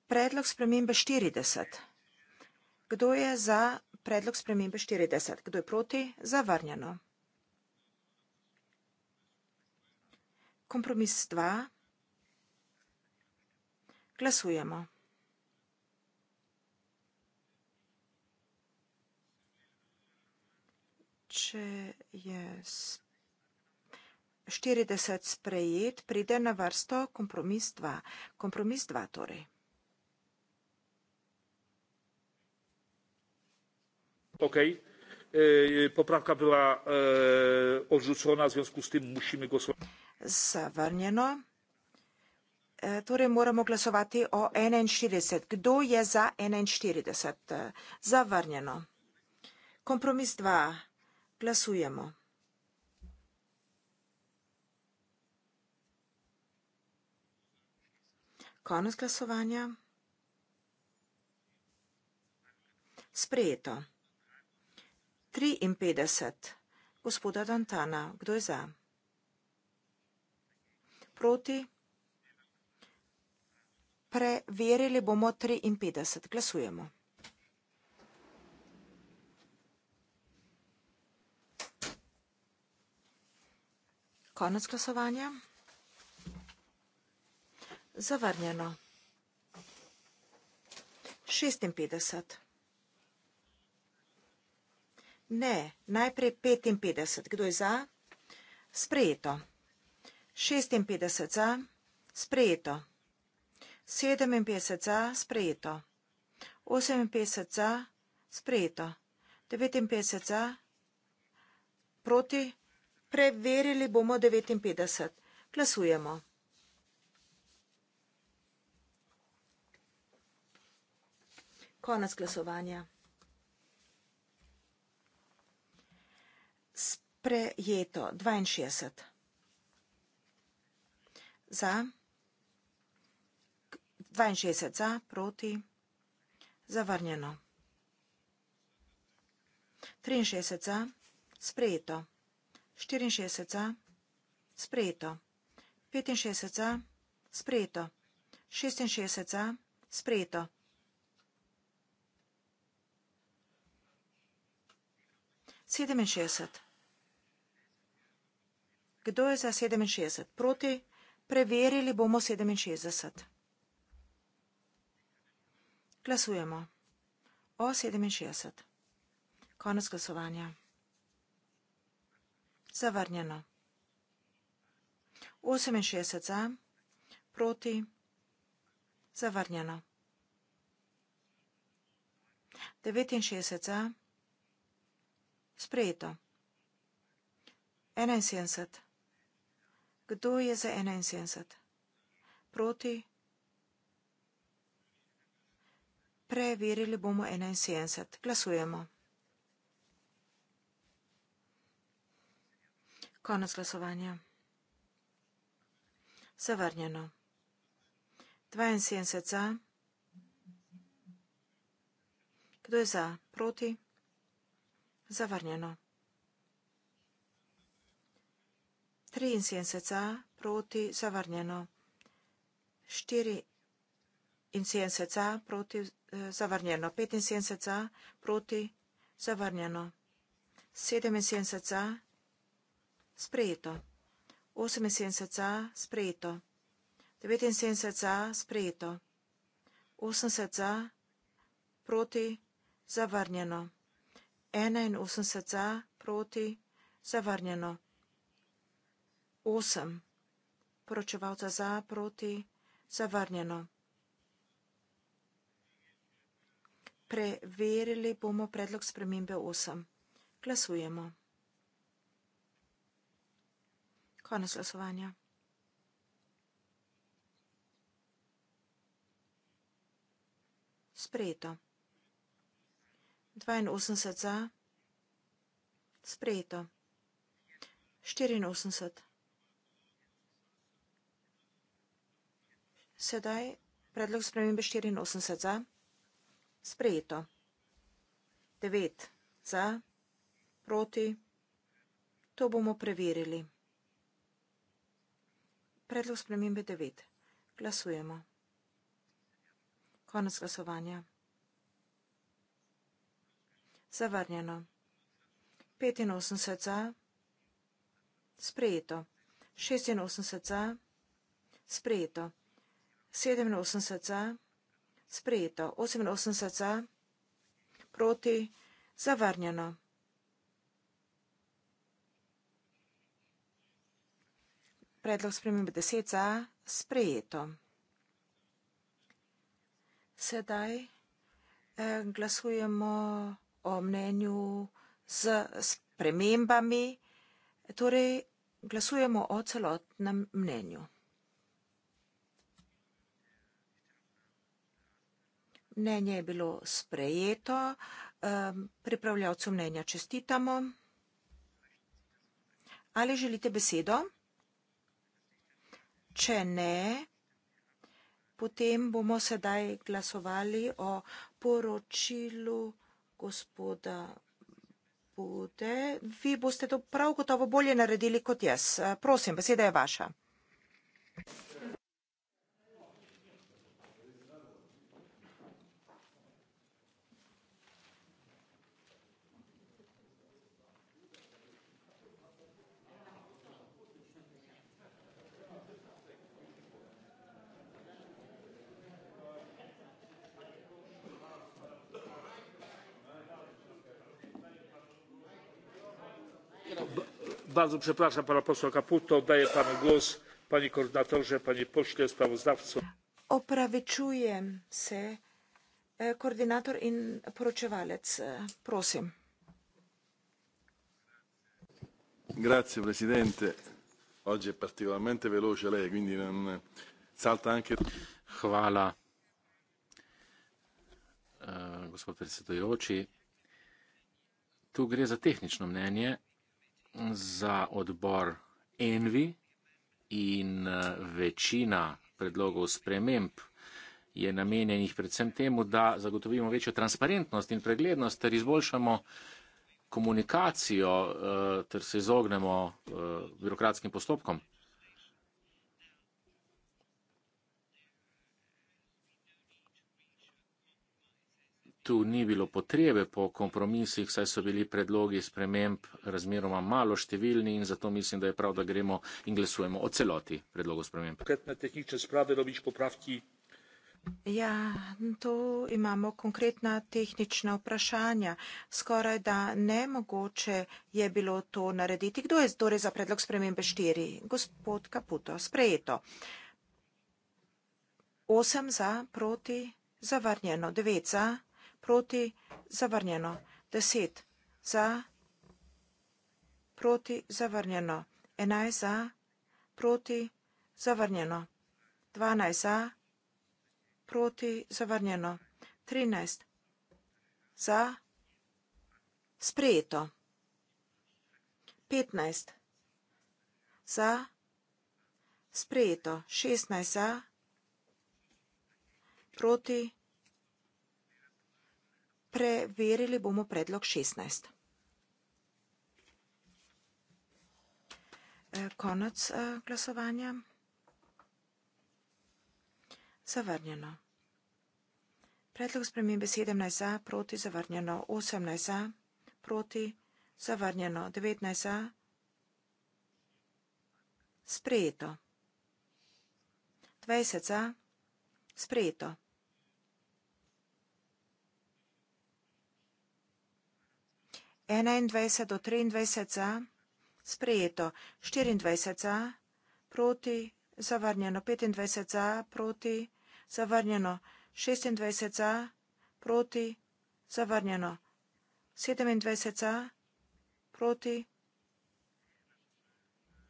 Speaker 4: Predlog spremembe 40. Kdo je za predlog spremembe 40. Kdo je proti? Zavrnjeno. Kompromis 2. Glasujemo. Če je 40 sprejet, pride na vrsto kompromis 2. Kompromis 2 torej.
Speaker 1: Okej. Okay. E, poprawka była e, odrzucona, w związku z tym musimy głosować.
Speaker 4: Zawarniono. E, torej moramo glasovati o 41. Kdo je za 41? Zavrnjeno. Kompromis 2. Glasujemo. Konec glasovanja. Sprejeto. 53. Gospoda Dantana, kdo je za? Proti? Preverili bomo 53. Glasujemo. Konec glasovanja. Zavrnjeno. 56. Ne, najprej 55. Kdo je za? Sprejeto. 56 za, sprejeto. 57 za, sprejeto. 58 za, sprejeto. 59 za, proti. Preverili bomo 59. Glasujemo. Konec glasovanja. sprejeto. 62. Za. 62 za, proti. Zavrnjeno. 63 za, sprejeto. 64 za, sprejeto. 65 za, sprejeto. 66 za, sprejeto. 67. Kdo je za 67? Proti? Preverili bomo 67. Glasujemo. O 67. Konec glasovanja. Zavrnjeno. 68 za, proti, zavrnjeno. 69 za, sprejeto. 71 za. Kdo je za 71? Proti? Preverili bomo 71. Glasujemo. Konec glasovanja. Zavrnjeno. 72 za. Kdo je za? Proti? Zavrnjeno. 73 za, proti zavrnjeno. 74 eh, za, proti zavrnjeno. 75 za, proti zavrnjeno. 77 za, sprejeto. 78 za, sprejeto. 79 za, sprejeto. 80 za, proti zavrnjeno. 81 za, proti zavrnjeno. 8. Poročevalca za, proti, zavrnjeno. Preverili bomo predlog spremembe 8. Glasujemo. Konec glasovanja. Sprejeto. 82 za. Sprejeto. 84. Sedaj predlog spremembe 84 za. Sprejeto. 9 za, proti. To bomo preverili. Predlog spremembe 9. Glasujemo. Konec glasovanja. Zavrnjeno. 85 za. Sprejeto. 86 za. Sprejeto. 87 za, sprejeto 88 za, proti zavrnjeno. Predlog spremembe 10 za, sprejeto. Sedaj eh, glasujemo o mnenju z spremembami, torej glasujemo o celotnem mnenju. mnenje je bilo sprejeto. Pripravljavcu mnenja čestitamo. Ali želite besedo? Če ne, potem bomo sedaj glasovali o poročilu gospoda Bude. Vi boste to prav gotovo bolje naredili kot jaz. Prosim, beseda je vaša.
Speaker 1: bardzo przepraszam pana posła Caputo. Oddaję panu głos, panie koordynatorze, panie pośle, sprawozdawco.
Speaker 4: Opravičujem se, e, koordinator in poročevalec, e, prosim.
Speaker 1: Grazie,
Speaker 3: presidente. Oggi è particolarmente veloce lei, quindi non salta anche. Hvala, e, gospod predsedujoči. Tu gre za tehnično mnenje za odbor Envi in eh, večina predlogov sprememb je namenjenih predvsem temu, da zagotovimo večjo transparentnost in preglednost ter izboljšamo komunikacijo eh, ter se izognemo eh, birokratskim postopkom. tu ni bilo potrebe po kompromisih, saj so bili predlogi sprememb razmeroma malo številni in zato mislim, da je prav, da gremo in glasujemo o celoti predlogu sprememb.
Speaker 4: Ja, tu imamo konkretna tehnična vprašanja. Skoraj da nemogoče je bilo to narediti. Kdo je torej za predlog spremembe 4? Gospod Kaputo, sprejeto. 8 za, proti, zavrnjeno, 9 za, proti zavrnjeno. 10 za, proti zavrnjeno. 11 za, proti zavrnjeno. 12 za, proti zavrnjeno. 13 za, sprejeto. 15 za, sprejeto. 16 za, proti zavrnjeno. Preverili bomo predlog 16. Eh, konec eh, glasovanja. Zavrnjeno. Predlog spremembe 17 za, proti, zavrnjeno 18 za, proti, zavrnjeno 19 za, sprejeto. 20 za, sprejeto. 21 do 23 za, sprejeto 24 za, proti, zavrnjeno 25 za, proti, zavrnjeno 26 za, proti, zavrnjeno 27 za, proti.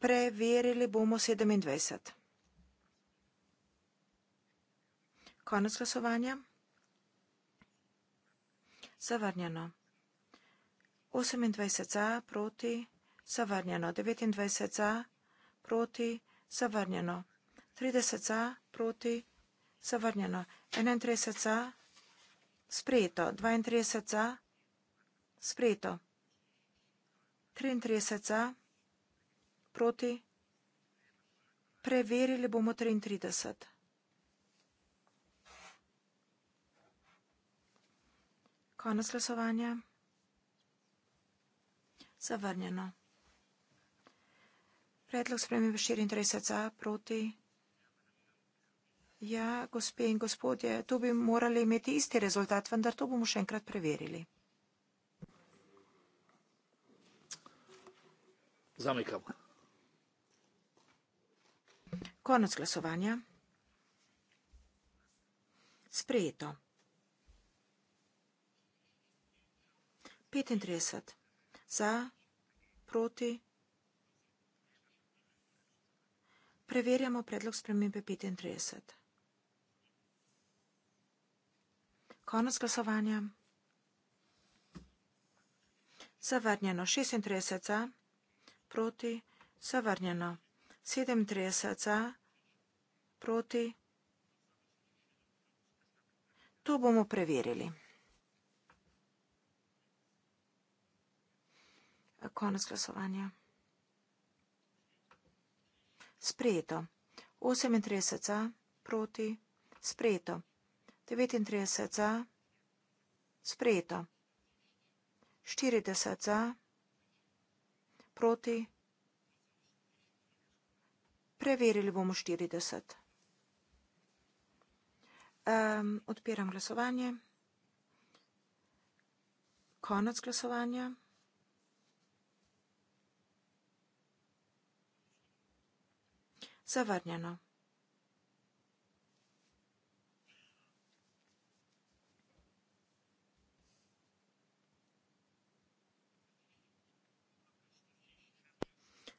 Speaker 4: Preverili bomo 27. Konec glasovanja. Zavrnjeno. 28 za, proti, zavrnjeno. 29 za, proti, zavrnjeno. 30 za, proti, zavrnjeno. 31 za, sprejeto. 32 za, sprejeto. 33 za, proti, preverili bomo 33. Konec glasovanja. Zavrnjeno. Predlog spremembe 34 za, proti. Ja, gospe in gospodje, tu bi morali imeti isti rezultat, vendar to bomo še enkrat preverili. Zamekam. Konec glasovanja. Sprejeto. 35 za, proti. Preverjamo predlog spremembe 35. Konec glasovanja. Zavrnjeno 36 za, proti, zavrnjeno 37 za, proti. To bomo preverili. Konec glasovanja. Sprejeto. 38 za, proti. Sprejeto. 39 za, sprejeto. 40 za, proti. Preverili bomo 40. Um, odpiram glasovanje. Konec glasovanja. zavrnjeno.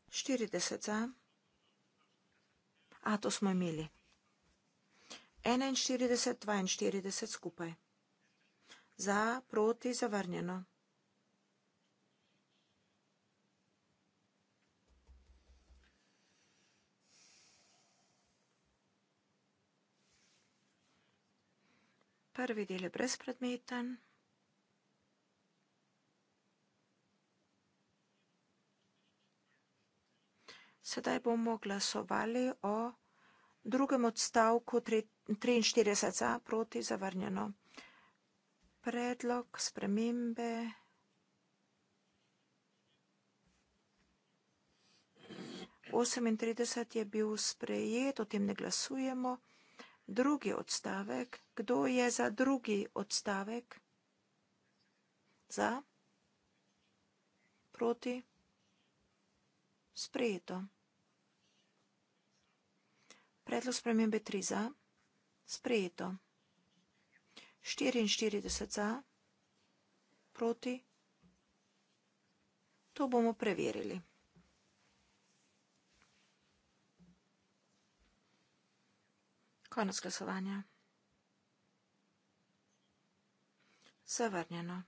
Speaker 4: Štirideset za. A, to smo imeli. 41, 42 skupaj. Za, proti, zavrnjeno. Prvi del je brezpredmeten. Sedaj bomo glasovali o drugem odstavku 43 za proti zavrnjeno. Predlog spremembe. 38 je bil sprejet, o tem ne glasujemo drugi odstavek. Kdo je za drugi odstavek? Za? Proti? Sprejeto. Predlog spremembe 3 za. Sprejeto. 44 za. Proti? To bomo preverili. Konec glasovanja. Zavrnjeno.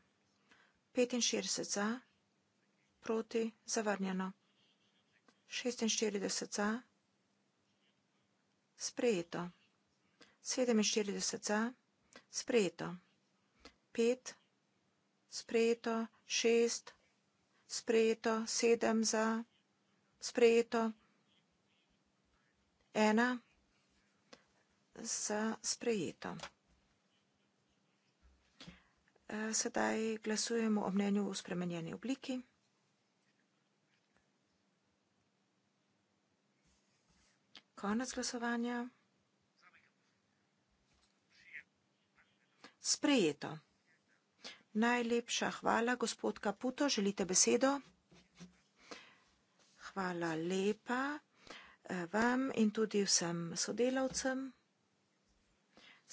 Speaker 4: 45 za, proti, zavrnjeno. 46 za, sprejeto. 47 za, sprejeto. 5, sprejeto. 6, sprejeto. 7 za, sprejeto. 1 za sprejeto. E, sedaj glasujemo o mnenju v spremenjeni obliki. Konec glasovanja. Sprejeto. Najlepša hvala, gospod Kaputo, želite besedo? Hvala lepa e, vam in tudi vsem sodelavcem.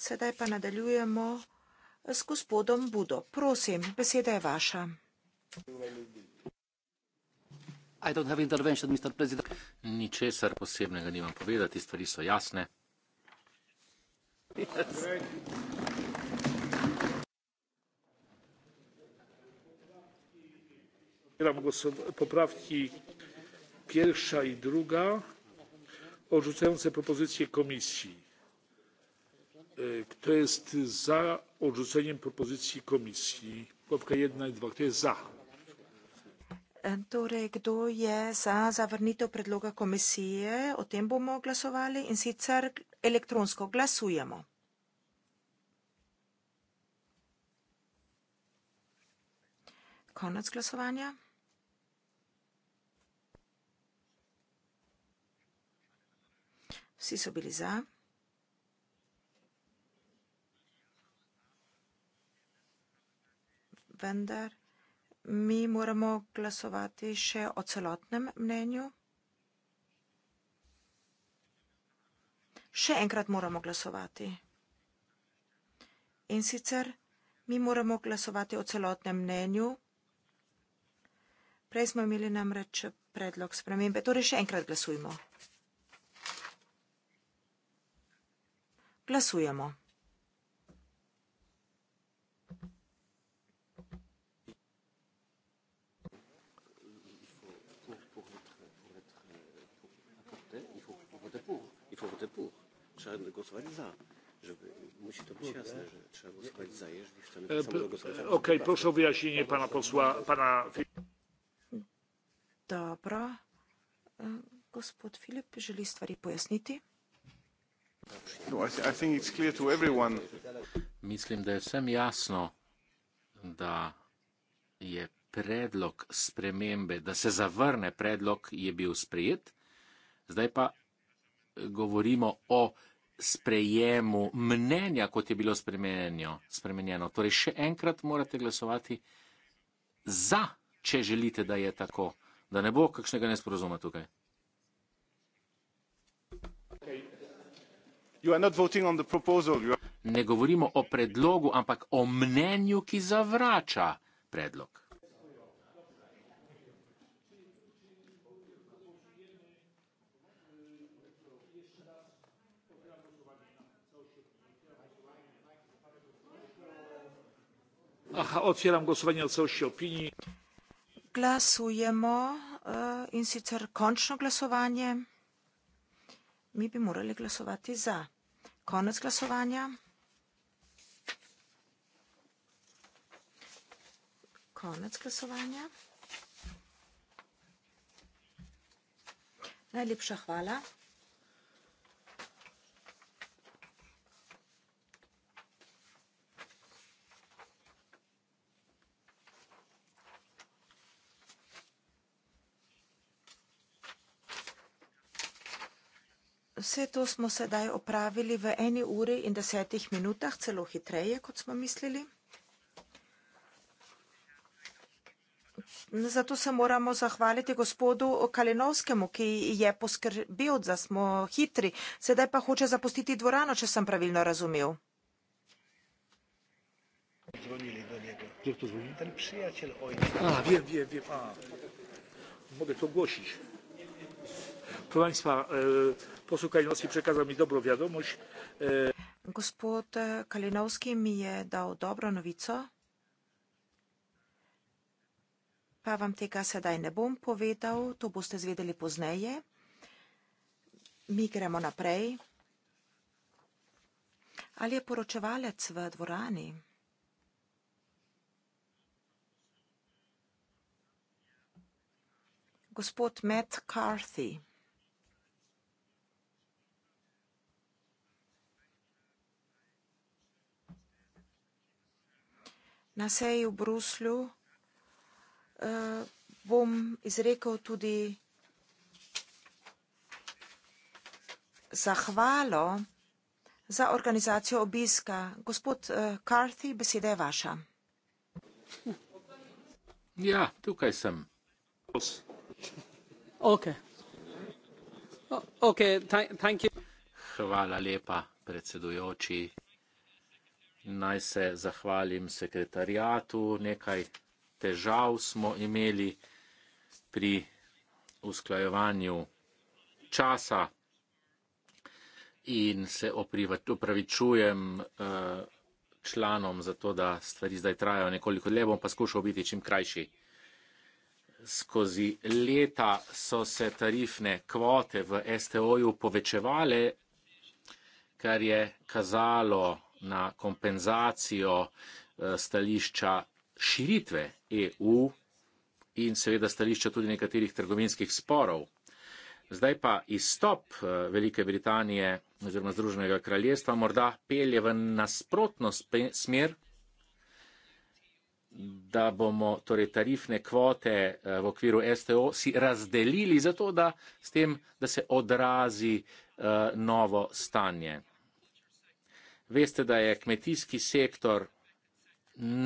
Speaker 4: Sedaj pa nadaljujemo eh, s gospodom Budo. Prosim, beseda je vaša.
Speaker 1: I don't have intervention, Mr. President.
Speaker 3: Ničesar posebnega nimam povedati, stvari so jasne.
Speaker 1: Yes. Popravki pierwsza i druga, odrzucające propozycje komisji. E, kto jest za odrzuceniem propozycji komisji poprawka jedna i dwa kto jest za
Speaker 4: Torej, kdo je za zavrnitev predloga komisije, o tem bomo glasovali in sicer elektronsko glasujemo. Konec glasovanja. Vsi so bili za. vendar mi moramo glasovati še o celotnem mnenju. Še enkrat moramo glasovati. In sicer mi moramo glasovati o celotnem mnenju. Prej smo imeli namreč predlog spremembe, torej še enkrat glasujmo. Glasujemo.
Speaker 1: trzeba głosować za. Żeby, musi to być jasne, że trzeba głosować za, jeżeli chcemy e, p- e, Okej, okay, proszę o wyjaśnienie pana posła, pana...
Speaker 4: Dobra. E, gospod Filip, jeżeli stwari pojasnity.
Speaker 3: Mislim, da je vsem jasno, da je predlog spremembe, da se zavrne predlog, je bil sprejet. Zdaj pa govorimo o sprejemu mnenja, kot je bilo spremenjeno. Torej, še enkrat morate glasovati za, če želite, da je tako, da ne bo kakšnega nesporozuma tukaj. Ne govorimo o predlogu, ampak o mnenju, ki zavrača predlog.
Speaker 1: Aha, otwieram głosowanie o całości opinii.
Speaker 4: Głosujemy uh, in sicer kończno głosowanie. Mi by morali głosować za. Koniec głosowania. Koniec głosowania. Najlepsza chwała. Vse to smo sedaj opravili v eni uri in desetih minutah, celo hitreje, kot smo mislili. Zato se moramo zahvaliti gospodu Kalinovskemu, ki je poskrbel, da smo hitri. Sedaj pa hoče zapustiti dvorano, če sem pravilno razumel.
Speaker 1: Zvonili do njega. Kdo to zvoni? Ta ni prijatelj, oj. A, vem, vem, vem. A, mogoče to gošiš. Proszę Państwa, e, poseł Kalinowski przekazał mi dobrą wiadomość. E,
Speaker 4: Gospod e, Kalinowski mi je dał dobrą nowicę. Pa vam tega sedaj ne bom povedal, to boste zvedeli pozneje. Mi gremo naprej. Ali je poročevalec v dvorani? Gospod Matt Carthy. na seji v Bruslju eh, bom izrekel tudi zahvalo za organizacijo obiska. Gospod eh, Carthy, beseda je vaša.
Speaker 3: Ja, tukaj sem. Hvala lepa, predsedujoči naj se zahvalim sekretarijatu, nekaj težav smo imeli pri usklajevanju časa in se opravičujem eh, članom za to, da stvari zdaj trajajo nekoliko dlje, bom pa skušal biti čim krajši. Skozi leta so se tarifne kvote v STO-ju povečevale, kar je kazalo na kompenzacijo eh, stališča širitve EU in seveda stališča tudi nekaterih trgovinskih sporov. Zdaj pa izstop eh, Velike Britanije oziroma Združenega kraljestva morda pelje v nasprotno smer, da bomo torej, tarifne kvote eh, v okviru STO si razdelili zato, da, tem, da se odrazi novo stanje. Veste, da je kmetijski sektor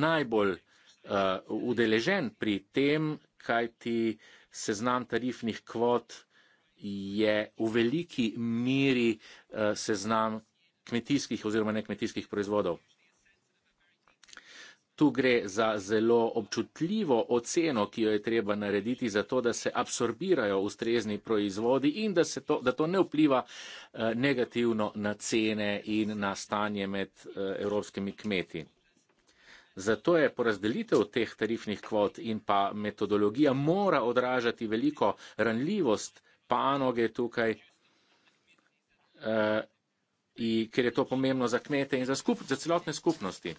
Speaker 3: najbolj uh, udeležen pri tem, kaj ti seznam tarifnih kvot je v veliki miri uh, seznam kmetijskih oziroma nekmetijskih proizvodov. Tu gre za zelo občutljivo oceno, ki jo je treba narediti za to, da se absorbirajo ustrezni proizvodi in da, to, da to ne vpliva eh, negativno na cene in na stanje med eh, evropskimi kmeti. Zato je porazdelitev teh tarifnih kvot in pa metodologija mora odražati veliko ranljivost panoge tukaj, eh, in, ker je to pomembno za kmete in za, skup, za celotne skupnosti.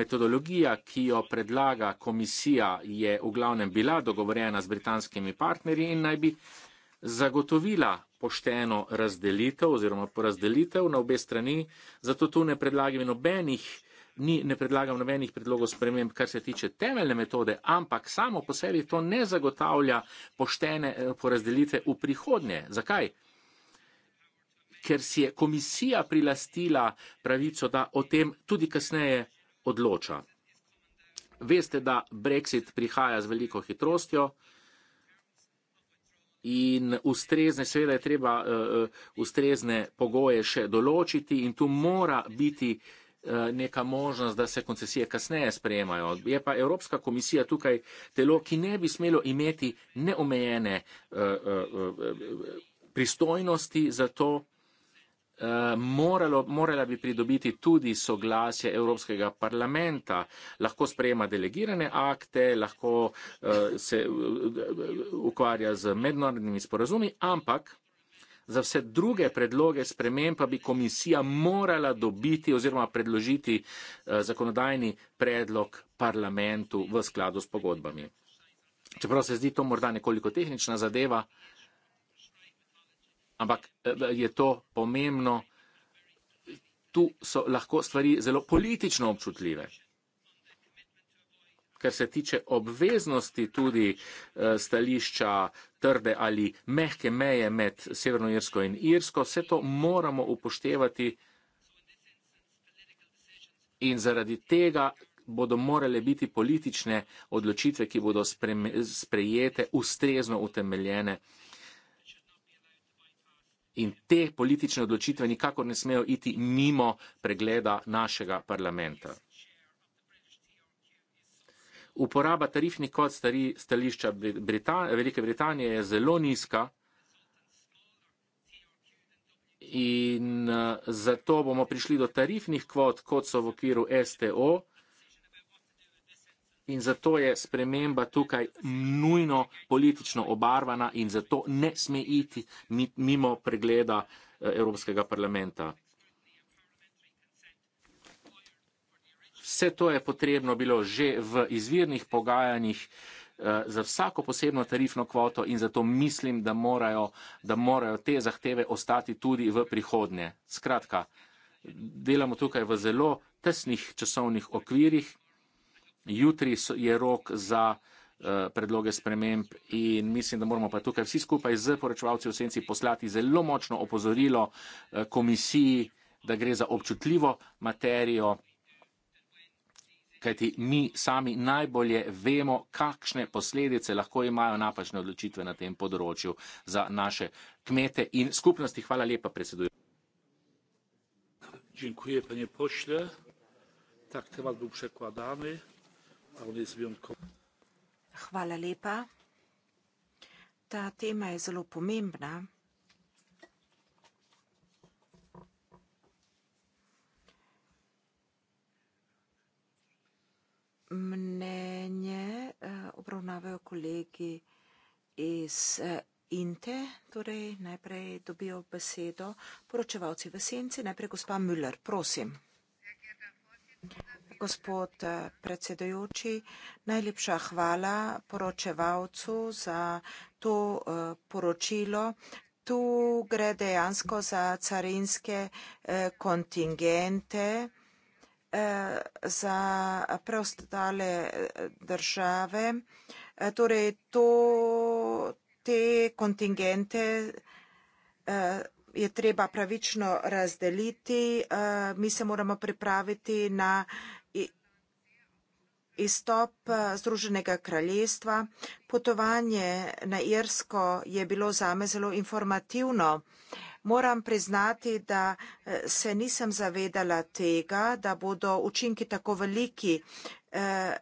Speaker 3: Metodologija, ki jo predlaga komisija, je v glavnem bila dogovorjena z britanskimi partnerji in naj bi zagotovila pošteno razdelitev oziroma porazdelitev na obe strani, zato tu ne predlagam nobenih, ni, ne predlagam nobenih predlogov sprememb, kar se tiče temeljne metode, ampak samo po sebi to ne zagotavlja poštene eh, porazdelitve v prihodnje. Zakaj? Ker si je komisija prilastila pravico, da o tem tudi kasneje odloča. Veste, da Brexit prihaja z veliko hitrostjo in ustrezne, seveda je treba uh, ustrezne pogoje še določiti in tu mora biti eh, neka možnost, da se koncesije kasneje sprejemajo. Je pa Evropska komisija tukaj telo, ki ne bi smelo imeti neomejene uh, uh, uh, pristojnosti za to, Eh, moralo, morala bi pridobiti tudi soglasje Evropskega parlamenta, lahko sprejema delegirane akte, lahko uh, se eh, ukvarja z mednarodnimi sporazumi, ampak za vse druge predloge sprememb pa bi komisija morala dobiti oziroma predložiti uh, zakonodajni predlog parlamentu v skladu s pogodbami. Čeprav se zdi to morda nekoliko tehnična zadeva, ampak eh, je to pomembno. Tu so lahko stvari zelo politično občutljive. Ker se tiče obveznosti tudi eh, stališča trde ali mehke meje med Severno Irsko in Irsko, vse to moramo upoštevati in zaradi tega bodo morale biti politične odločitve, ki bodo sprejete, ustrezno utemeljene. In te politične odločitve nikakor ne smejo iti mimo pregleda našega parlamenta. Uporaba tarifnih kot stališča Britanije, Velike Britanije je zelo nizka in eh, zato bomo prišli do tarifnih kvot, kot so v okviru STO. In zato je sprememba tukaj nujno politično obarvana in zato ne sme iti mimo pregleda eh, Evropskega parlamenta. Vse to je potrebno bilo že v izvirnih pogajanjih eh, za vsako posebno tarifno kvoto in zato mislim, da morajo, da morajo te zahteve ostati tudi v prihodnje. Skratka, delamo tukaj v zelo tesnih časovnih okvirih, jutri je rok za eh, predloge sprememb in mislim, da moramo pa tukaj vsi skupaj z poročevalci v senci poslati zelo močno opozorilo eh, komisiji, da gre za občutljivo materijo, kajti mi sami najbolje vemo, kakšne posledice lahko imajo napačne odločitve na tem področju za naše kmete in skupnosti. Hvala lepa, predseduj.
Speaker 1: Dziękuję, panie pośle. Tak, temat był przekładany.
Speaker 4: Hvala lepa. Ta tema je zelo pomembna. Mnenje eh, obravnavajo kolegi iz eh, INTE, torej najprej dobijo besedo poročevalci v senci, najprej gospa Müller, prosim. Gospod eh, predsedujoči, najlepša hvala poročevalcu za to eh, poročilo. Tu gre dejansko za carinske eh, kontingente za preostale države. Torej, to, te kontingente je treba pravično razdeliti. Mi se moramo pripraviti na izstop eh, Združenega kraljestva. Potovanje na Irsko je bilo zame zelo informativno. Moram priznati, da eh, se nisem zavedala tega, da bodo učinki tako veliki eh,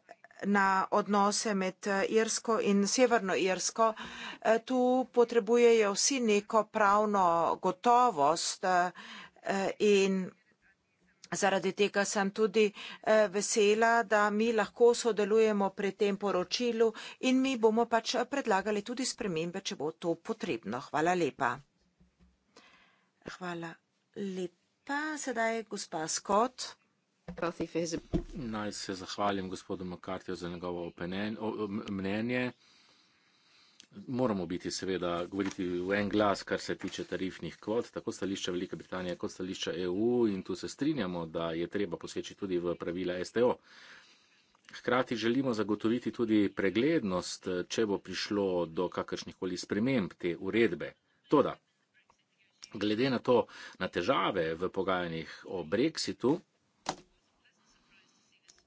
Speaker 4: na odnose med Irsko in Severno Irsko. Tu potrebujejo vsi neko pravno gotovost in pravno Zaradi tega sem tudi eh, vesela, da mi lahko sodelujemo pri tem poročilu in mi bomo pač eh, predlagali tudi spremembe, če bo to potrebno. Hvala lepa. Hvala lepa. Sedaj gospa Skot.
Speaker 3: Naj se zahvalim gospodu Makartiju za njegovo mnenje moramo biti seveda govoriti v en glas, kar se tiče tarifnih kvot, tako stališča Velike Britanije kot stališča EU in tu se strinjamo, da je treba poseči tudi v pravila STO. Hkrati želimo zagotoviti tudi preglednost, če bo prišlo do kakršnih koli sprememb te uredbe. Toda, glede na to, na težave v pogajanjih o brexitu,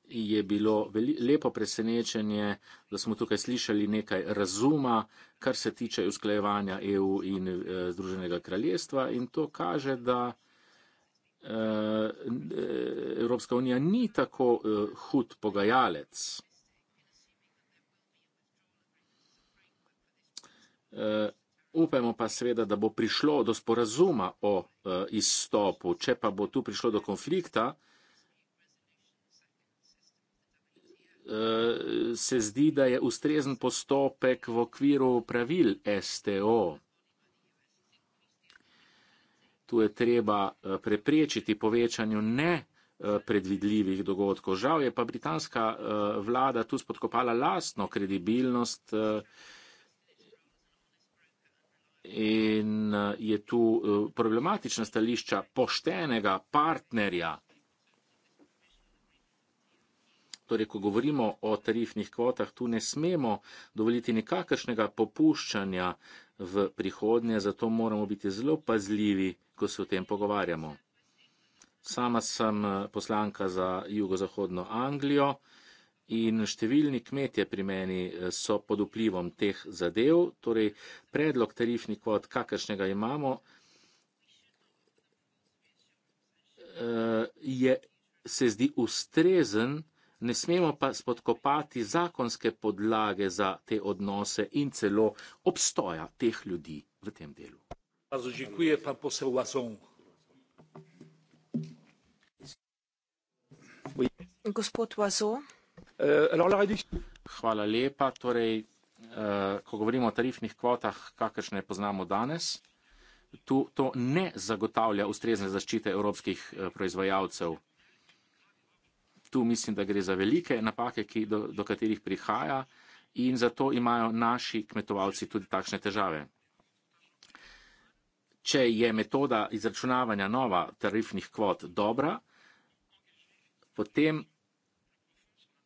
Speaker 3: je bilo lepo presenečenje, da smo tukaj slišali nekaj razuma, kar se tiče usklajevanja EU in eh, Združenega kraljestva in to kaže, da eh, Evropska unija ni tako eh, hud pogajalec. Upajmo pa seveda, da bo prišlo do sporazuma o izstopu, če pa bo tu prišlo do konflikta, se zdi, da je ustrezen postopek v okviru pravil STO. Tu je treba eh, preprečiti povečanju nepredvidljivih eh, dogodkov. Žal je pa britanska eh, vlada tu spodkopala lastno kredibilnost in je tu problematična stališča poštenega partnerja. Torej, ko govorimo o tarifnih kvotah, tu ne smemo dovoliti nikakršnega popuščanja v prihodnje, zato moramo biti zelo pazljivi, ko se o tem pogovarjamo. Sama sem eh, poslanka za jugozahodno Anglijo in številni kmetje pri meni eh, so pod vplivom teh zadev. Torej, predlog tarifnih kvot, kakršnega imamo, eh, je, se zdi ustrezen ne smemo pa spodkopati zakonske podlage za te odnose in celo obstoja teh ljudi v tem delu.
Speaker 4: Gospod Vazo.
Speaker 3: E, Hvala lepa. Torej, e, ko govorimo o tarifnih kvotah, kakršne poznamo danes, to, to ne zagotavlja ustrezne zaščite evropskih e, proizvajalcev tu mislim, da gre za velike napake, do, do katerih prihaja in zato imajo naši kmetovalci tudi takšne težave. Če je metoda izračunavanja nova tarifnih kvot dobra, potem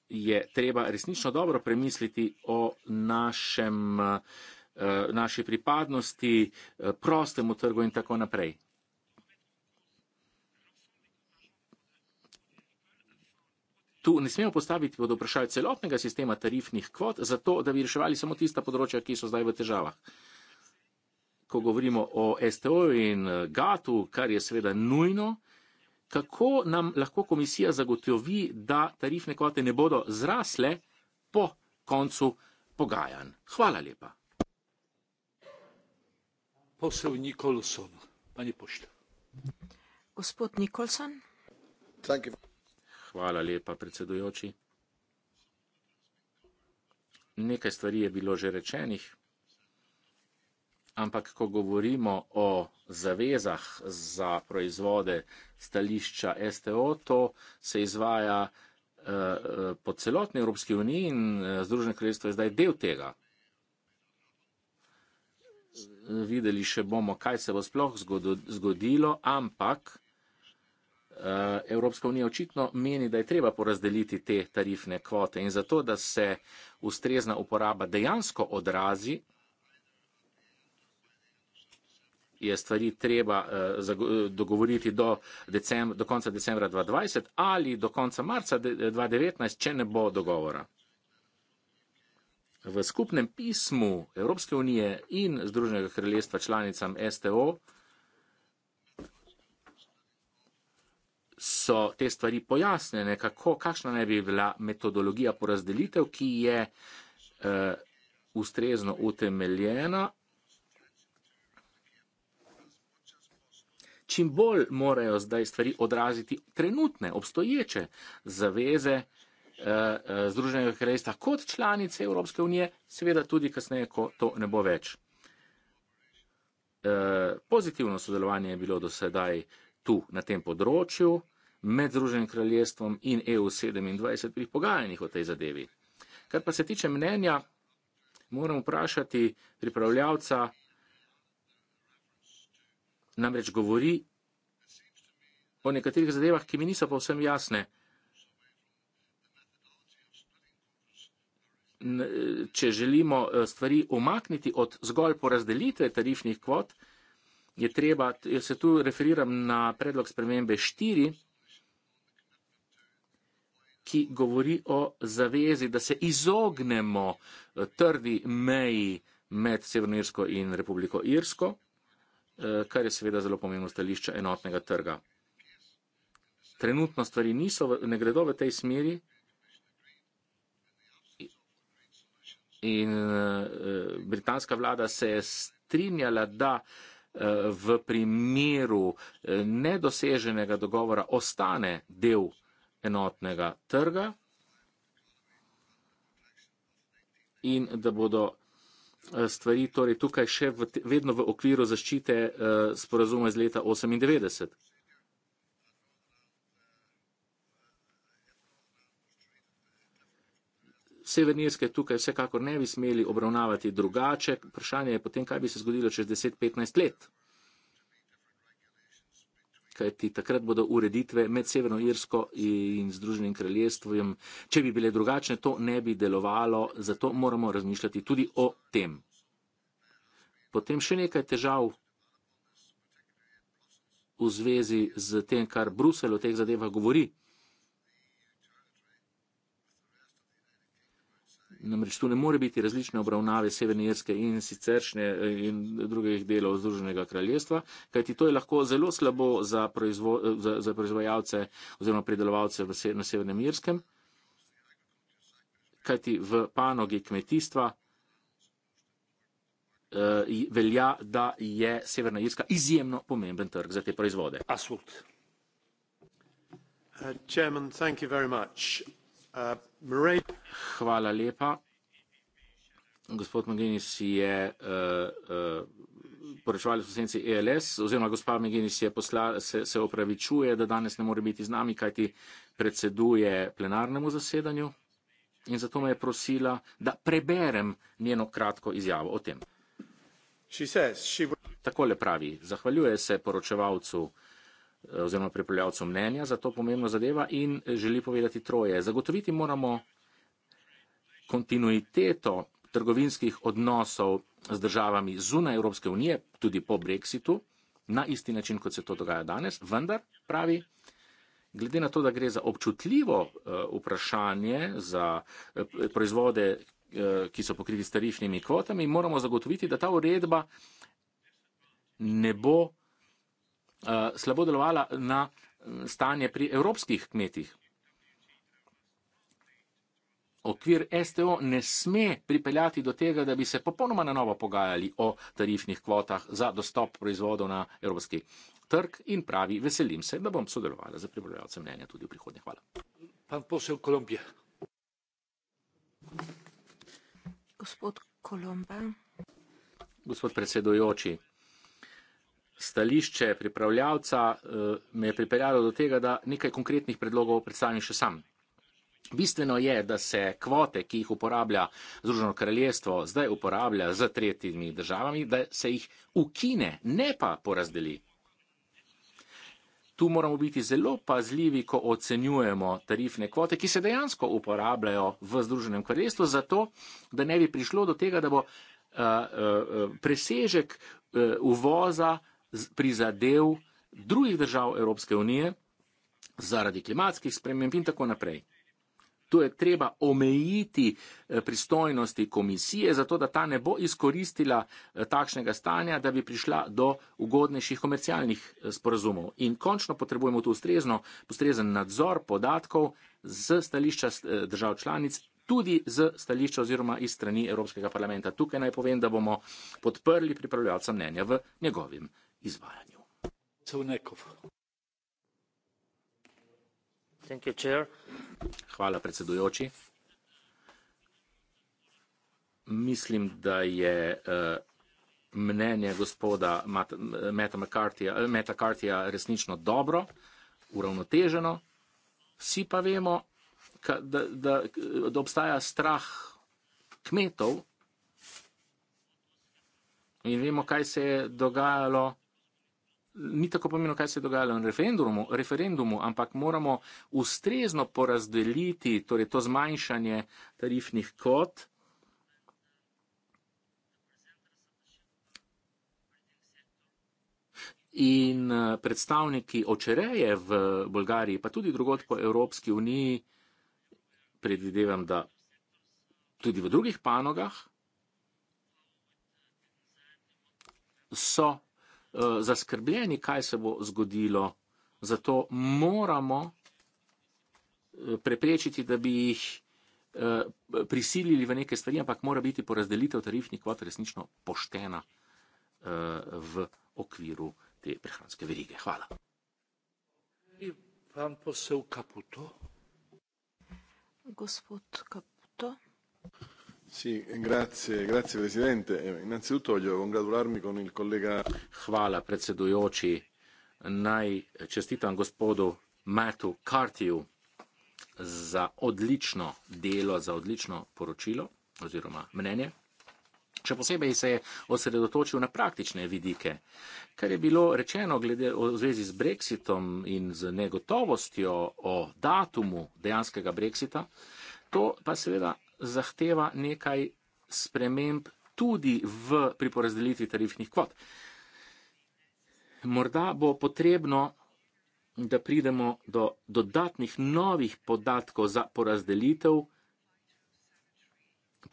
Speaker 3: je treba resnično dobro premisliti o našem, eh, naši pripadnosti eh, prostemu trgu in tako naprej. Tu ne smemo postaviti pod vprašanje celotnega sistema tarifnih kvot, zato da bi reševali samo tista področja, ki so zdaj v težavah. Ko govorimo o STO-ju in eh, GATU, kar je seveda nujno, kako nam lahko komisija zagotovi, da tarifne kvote ne bodo zrasle po koncu pogajanj? Hvala lepa. Posel Nikolson, pa ni pošte.
Speaker 4: Gospod Nikolson.
Speaker 2: Thank you.
Speaker 3: Hvala lepa, predsedujoči. Nekaj stvari je bilo že rečenih, ampak ko govorimo o zavezah za proizvode stališča STO, to se izvaja eh, po celotni Evropski uniji in eh, Združene kraljestvo je zdaj del tega. Videli še bomo, kaj se bo sploh zgodilo, ampak Eh, Evropska unija očitno meni, da je treba porazdeliti te tarifne kvote in zato, da se ustrezna uporaba dejansko odrazi, je stvari treba uh, dogovoriti do, decem do konca decembra 2020 ali do konca marca 2019, če ne bo dogovora. V skupnem pismu Evropske unije in Združenega kraljestva članicam STO so te stvari pojasnjene, kako, kakšna naj bi bila metodologija porazdelitev, ki je uh, ustrezno utemeljena. Čim bolj morajo zdaj stvari odraziti trenutne, obstoječe zaveze eh, eh, Združenega kraljestva kot članice Evropske unije, seveda tudi kasneje, ko to ne bo več. Eh, pozitivno sodelovanje je bilo do sedaj eh, tu na tem področju med Združenim kraljestvom in EU27 pri pogajanjih o tej zadevi. Kar pa se tiče mnenja, moram vprašati pripravljavca, namreč govori o nekaterih zadevah, ki mi niso povsem jasne. Če želimo eh, stvari omakniti od zgolj porazdelitve tarifnih kvot, je treba, jaz se tu referiram na predlog spremembe 4, ki govori o zavezi, da se izognemo eh, trdi meji med Severno Irsko in Republiko Irsko, eh, kar je seveda zelo pomembno stališče enotnega trga. Trenutno stvari niso, ne gredo v tej smeri in eh, britanska vlada se je strinjala, da v primeru eh, nedoseženega dogovora ostane del enotnega trga in da bodo eh, stvari torej tukaj še vedno v okviru zaščite eh, sporazuma iz leta 1998. Severnirske tukaj vsekakor ne bi smeli obravnavati drugače. Vprašanje je potem, kaj bi se zgodilo čez 10-15 let. Kaj ti takrat bodo ureditve med Severno Irsko in Združenim kraljestvom, če bi bile drugačne, to ne bi delovalo, zato moramo razmišljati tudi o tem. Potem še nekaj težav v zvezi z tem, kar Brusel o teh zadevah govori. Namreč tu ne more biti različne obravnave Severne Irske in siceršnje eh, in drugih delov Združenega kraljestva, kajti to je lahko zelo slabo za, proizvo, za, za proizvajalce oziroma predelovalce na Severnem Irskem, kajti v panogi kmetijstva eh, velja, da je Severna Irska izjemno pomemben trg za te proizvode. Uh, chairman, thank you very much. Uh, Hvala lepa. Gospod Mogenis je uh, uh, poročevalec v senci ELS, oziroma gospa Mogenis je posla, se, se opravičuje, da danes ne more biti z nami, kajti predseduje plenarnemu zasedanju. In zato me je prosila, da preberem njeno kratko izjavo o tem. She she... Takole pravi, zahvaljuje se poročevalcu. Eh, oziroma pripravljavcu mnenja za to pomembno zadeva in eh, želi povedati troje. Zagotoviti moramo kontinuiteto trgovinskih odnosov z državami zunaj Evropske unije, tudi po brexitu, na isti način, kot se to dogaja danes, vendar pravi, glede na to, da gre za občutljivo eh, vprašanje za proizvode, ki so pokriti s tarifnimi kvotami, moramo zagotoviti, da ta uredba ne bo Eh, slabo delovala na eh, stanje pri evropskih kmetih. Okvir STO ne sme pripeljati do tega, da bi se popolnoma na novo pogajali o tarifnih kvotah za dostop proizvodov na evropski trg in pravi, veselim se, da bom sodelovala za pripravljalce mnenja tudi v prihodnje. Hvala. Pan posel Kolumbija.
Speaker 4: Gospod Kolomba.
Speaker 3: Gospod predsedujoči, stališče pripravljavca eh, me je pripeljalo do tega, da nekaj konkretnih predlogov predstavim še sam. Bistveno je, da se kvote, ki jih uporablja Združeno kraljestvo, zdaj uporablja z tretjimi državami, da se jih ukine, ne pa porazdeli. Tu moramo biti zelo pazljivi, ko ocenjujemo tarifne kvote, ki se dejansko uporabljajo v Združenem kraljestvu, zato da ne bi prišlo do tega, da bo uh, uh, presežek uh, uvoza uh, prizadev drugih držav Evropske unije zaradi klimatskih sprememb in tako naprej. Tu je treba omejiti eh, pristojnosti komisije, zato da ta ne bo izkoristila eh, takšnega stanja, da bi prišla do ugodnejših komercialnih eh, sporazumov. In končno potrebujemo tu ustrezno, ustrezen nadzor podatkov z stališča držav članic, tudi z stališča oziroma iz strani Evropskega parlamenta. Tukaj naj povem, da bomo podprli pripravljalca mnenja v njegovim izvajanju. Hvala, predsedujoči. Mislim, da je eh, mnenje gospoda Meta McCarthyja, eh, Meta McCarthyja resnično dobro, uravnoteženo. Vsi pa vemo, da, da, da obstaja strah kmetov in vemo, kaj se je dogajalo ni tako pomembno, kaj se je dogajalo na referendumu, referendumu, ampak moramo ustrezno porazdeliti torej to zmanjšanje tarifnih kot. In eh, predstavniki očereje v Bolgariji, pa tudi drugot po Evropski uniji, predvidevam, da tudi v drugih panogah, so Eh, zaskrbljeni, kaj se bo zgodilo. Zato moramo eh, preprečiti, da bi jih eh, prisilili v neke stvari, ampak mora biti porazdelitev tarifnih kvot resnično poštena v okviru te prehranske verige. Hvala.
Speaker 1: Pan posel Kaputo.
Speaker 4: Gospod Kaputo.
Speaker 3: Eh, innanzitutto voglio congratularmi con il collega. hvala predsedujoči naj eh, čestitam gospodu mattu cartyju za odlično delo za odlično poročilo oziroma mnenje. Še posebej se je osredotočil na praktične vidike. Kar je bilo rečeno glede, v zvezi z brexitom in z negotovostjo o datumu dejanskega brexita, to pa seveda zahteva nekaj sprememb tudi v priporazdelitvi tarifnih kvot. Morda bo potrebno, da pridemo do dodatnih novih podatkov za porazdelitev,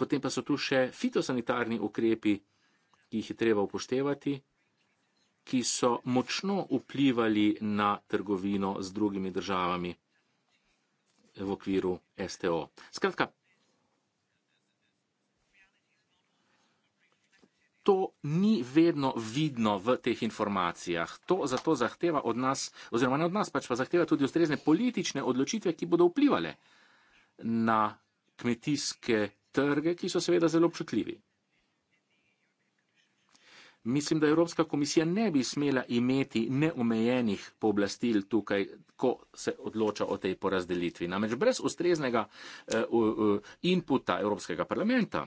Speaker 3: potem pa so tu še fitosanitarni ukrepi, ki jih je treba upoštevati, ki so močno vplivali na trgovino z drugimi državami v okviru STO. Skratka, to ni vedno vidno v teh informacijah. To zato zahteva od nas, oziroma ne od nas, pač pa zahteva tudi ustrezne politične odločitve, ki bodo vplivali na kmetijske trge, ki so seveda zelo občutljivi. Mislim, da Evropska komisija ne bi smela imeti neomejenih pooblastil tukaj, ko se odloča o tej porazdelitvi. Namreč brez ustreznega uh, uh, inputa Evropskega parlamenta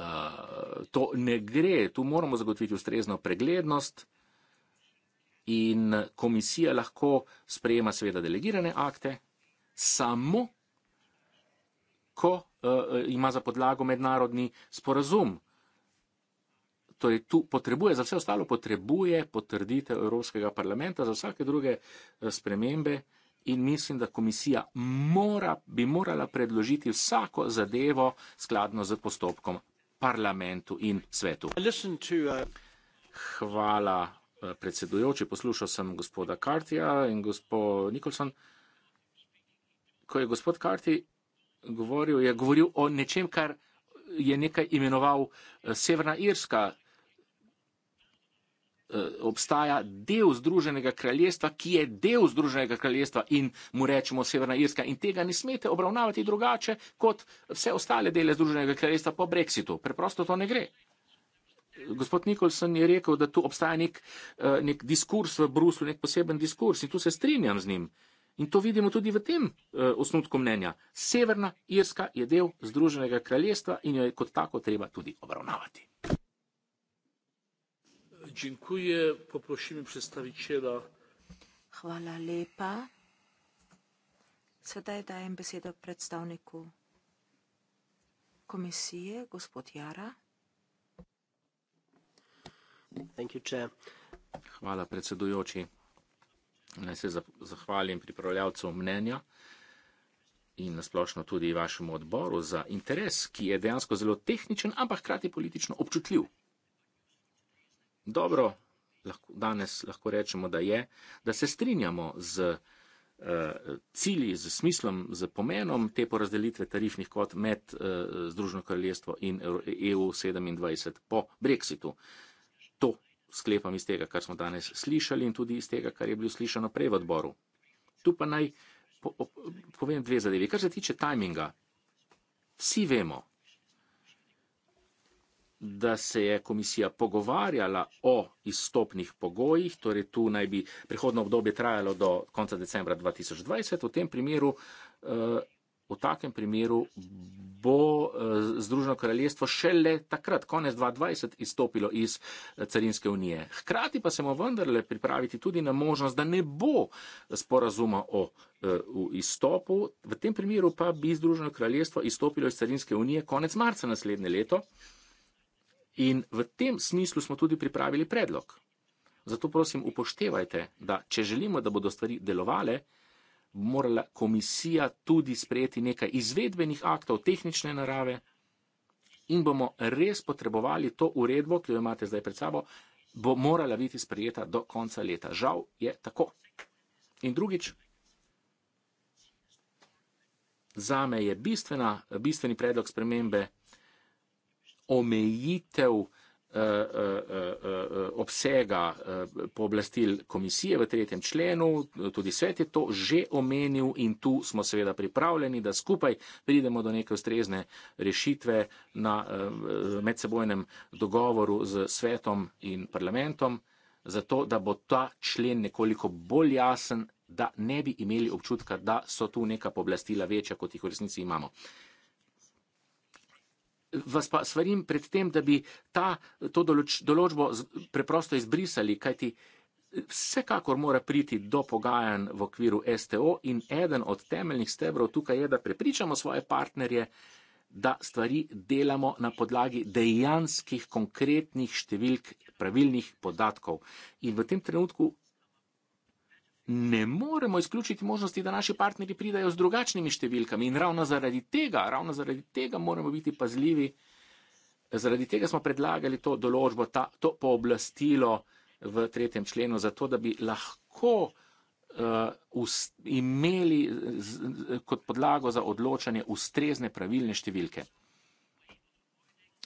Speaker 3: Eh, to ne gre, tu moramo zagotoviti ustrezno preglednost in komisija lahko sprejema seveda delegirane akte samo, ko uh, ima za podlago mednarodni sporazum. To je tu potrebuje, za vse ostalo potrebuje potrditev Evropskega parlamenta za vsake druge eh, spremembe in mislim, da komisija mora, bi morala predložiti vsako zadevo skladno z postopkom parlamentu in svetu. Uh, Hvala uh, predsedujoči, poslušal sem gospoda Kartija in gospod Nikolson. Ko je gospod Karti govoril, je govoril o nečem, kar je nekaj imenoval uh, Severna Irska. Eh, obstaja del Združenega kraljestva, ki je del Združenega kraljestva in mu rečemo Severna Irska in tega ne smete obravnavati drugače kot vse ostale dele Združenega kraljestva po Brexitu. Preprosto to ne gre. Gospod Nikolson je rekel, da tu obstaja nek, eh, nek diskurs v Bruslu, nek poseben diskurs in tu se strinjam z njim. In to vidimo tudi v tem eh, osnutku mnenja. Severna Irska je del Združenega kraljestva in jo je kot tako treba tudi obravnavati dziękuję. Poprosimy przedstawiciela.
Speaker 4: Hvala lepa. Sedaj dajem besedo predstavniku komisije, gospod Jara.
Speaker 2: Thank you, chair.
Speaker 3: Hvala, predsedujoči. Naj se zahvalim pripravljavcev mnenja in nasplošno tudi vašemu odboru za interes, ki je dejansko zelo tehničen, ampak hkrati politično občutljiv dobro, lahko, danes lahko rečemo, da je, da se strinjamo z eh, cilji, z smislom, z pomenom te porazdelitve tarifnih kot med eh, Združeno kraljestvo in EU27 e po Brexitu. To sklepam iz tega, kar smo danes slišali in tudi iz tega, kar je bilo slišano prej v odboru. Tu pa naj povem dve zadevi. Kar se tiče tajminga, vsi vemo, da se je komisija pogovarjala o izstopnih pogojih, torej tu naj bi prihodno obdobje trajalo do konca decembra 2020. V tem primeru, eh, v takem primeru bo eh, Združeno kraljestvo šele takrat, konec 2020, izstopilo iz eh, carinske unije. Hkrati pa se mu vendarle pripraviti tudi na možnost, da ne bo sporazuma o izstopu. V tem primeru pa bi Združeno kraljestvo izstopilo iz carinske unije konec marca naslednje leto. In v tem smislu smo tudi pripravili predlog. Zato prosim, upoštevajte, da če želimo, da bodo stvari delovale, bo morala komisija tudi sprejeti nekaj izvedbenih aktov tehnične narave in bomo res potrebovali to uredbo, ki jo imate zdaj pred sabo, bo morala biti sprejeta do konca leta. Žal je tako. In drugič, za me je bistvena, bistveni predlog spremembe omejitev eh, eh, eh, obsega pooblastil komisije v tretjem členu. Tudi svet je to že omenil in tu smo seveda pripravljeni, da skupaj pridemo do neke ustrezne rešitve na medsebojnem dogovoru z svetom in parlamentom, zato da bo ta člen nekoliko bolj jasen, da ne bi imeli občutka, da so tu neka pooblastila večja, kot jih v resnici imamo vas pa svarim pred tem, da bi ta, to določ, določbo preprosto izbrisali, kajti eh, vsekakor mora priti do pogajanj v okviru STO in eden od temeljnih stebrov tukaj je, da prepričamo svoje partnerje, da stvari delamo na podlagi dejanskih, konkretnih številk, pravilnih podatkov. In v tem trenutku ne moremo izključiti možnosti, da naši partnerji pridajo z drugačnimi številkami in ravno zaradi tega, ravno zaradi tega moramo biti pazljivi. Zaradi tega smo predlagali to določbo, ta, to pooblastilo v tretjem členu, zato da bi lahko uh, us, imeli z, z, kot podlago za odločanje ustrezne pravilne številke.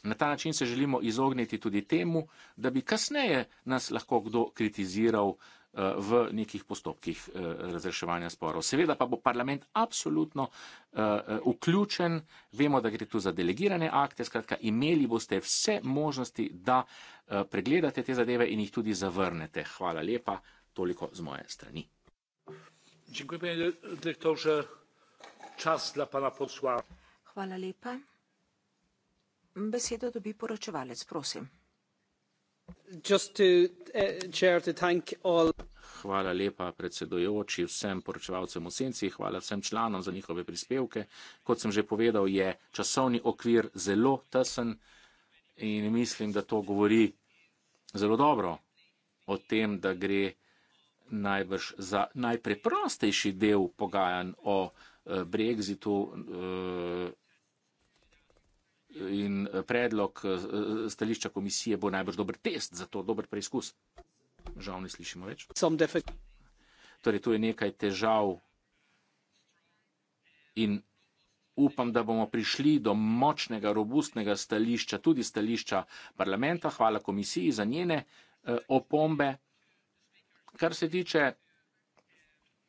Speaker 3: Na ta način se želimo izogniti tudi temu, da bi kasneje nas lahko kdo kritiziral uh, v nekih postopkih eh, razreševanja sporov. Seveda pa bo parlament absolutno eh, eh, vključen, vemo, da gre tu za delegirane akte, skratka, imeli boste vse možnosti, da pregledate te zadeve in jih tudi zavrnete. Hvala lepa, toliko z moje strani.
Speaker 4: Hvala lepa. Besedo dobi poročevalec, prosim.
Speaker 3: Eh, hvala lepa predsedojoči, vsem poročevalcem v senci, hvala vsem članom za njihove prispevke. Kot sem že povedal, je časovni okvir zelo tesen in mislim, da to govori zelo dobro o tem, da gre najbrž za najpreprostejši del pogajanj o eh, Brexitu. Eh, in eh, predlog eh, eh, stališča komisije bo najbrž dober test za to, dober preizkus. Žal ne slišimo več. Torej, tu je nekaj težav in upam, da bomo prišli do močnega, robustnega stališča, tudi stališča parlamenta. Hvala komisiji za njene opombe. Kar se tiče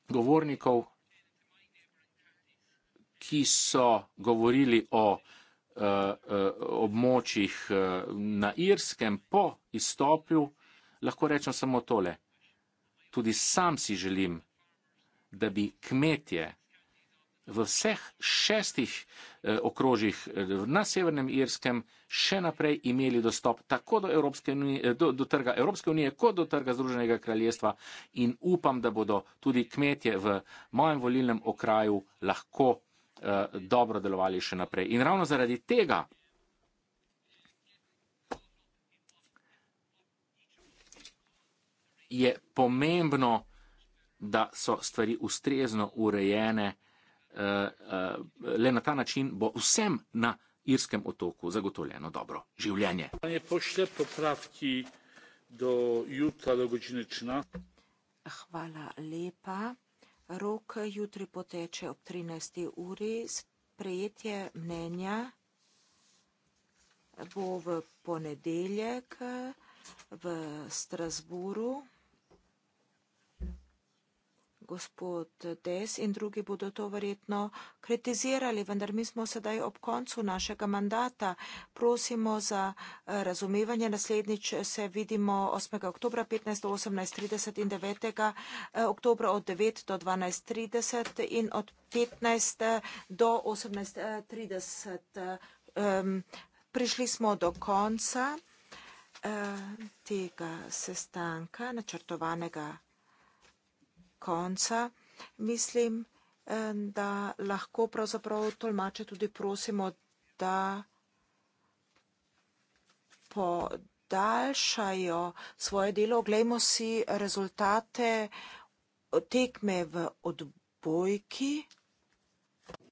Speaker 3: govornikov, ki so govorili o Eh, območjih eh, na Irskem po izstopju, lahko rečem samo tole. Tudi sam si želim, da bi kmetje v vseh šestih eh, okrožjih na Severnem Irskem še naprej imeli dostop tako do, Evropske unije, do, do trga Evropske unije, kot do trga Združenega kraljestva in upam, da bodo tudi kmetje v mojem volilnem okraju lahko Eh, dobro delovali še naprej. In ravno zaradi tega je pomembno, da so stvari ustrezno urejene. Eh, eh, le na ta način bo vsem na irskem otoku zagotovljeno dobro življenje.
Speaker 4: Hvala lepa. Rok jutri poteče ob trinajsti uri. Sprejetje mnenja bo v ponedeljek v Strasbourgu gospod Des in drugi bodo to verjetno kritizirali, vendar mi smo sedaj ob koncu našega mandata. Prosimo za eh, razumevanje. Naslednjič se vidimo 8. oktobra 15.18.30 in 9. Eh, oktobra od 9 do 12.30 in od 15 eh, do 18.30. Prišli smo do konca tega sestanka, načrtovanega konca, mislim, da lahko pravzaprav tolmače tudi prosimo, da podaljšajo svoje delo. Oglejmo si rezultate tekme v odbojki.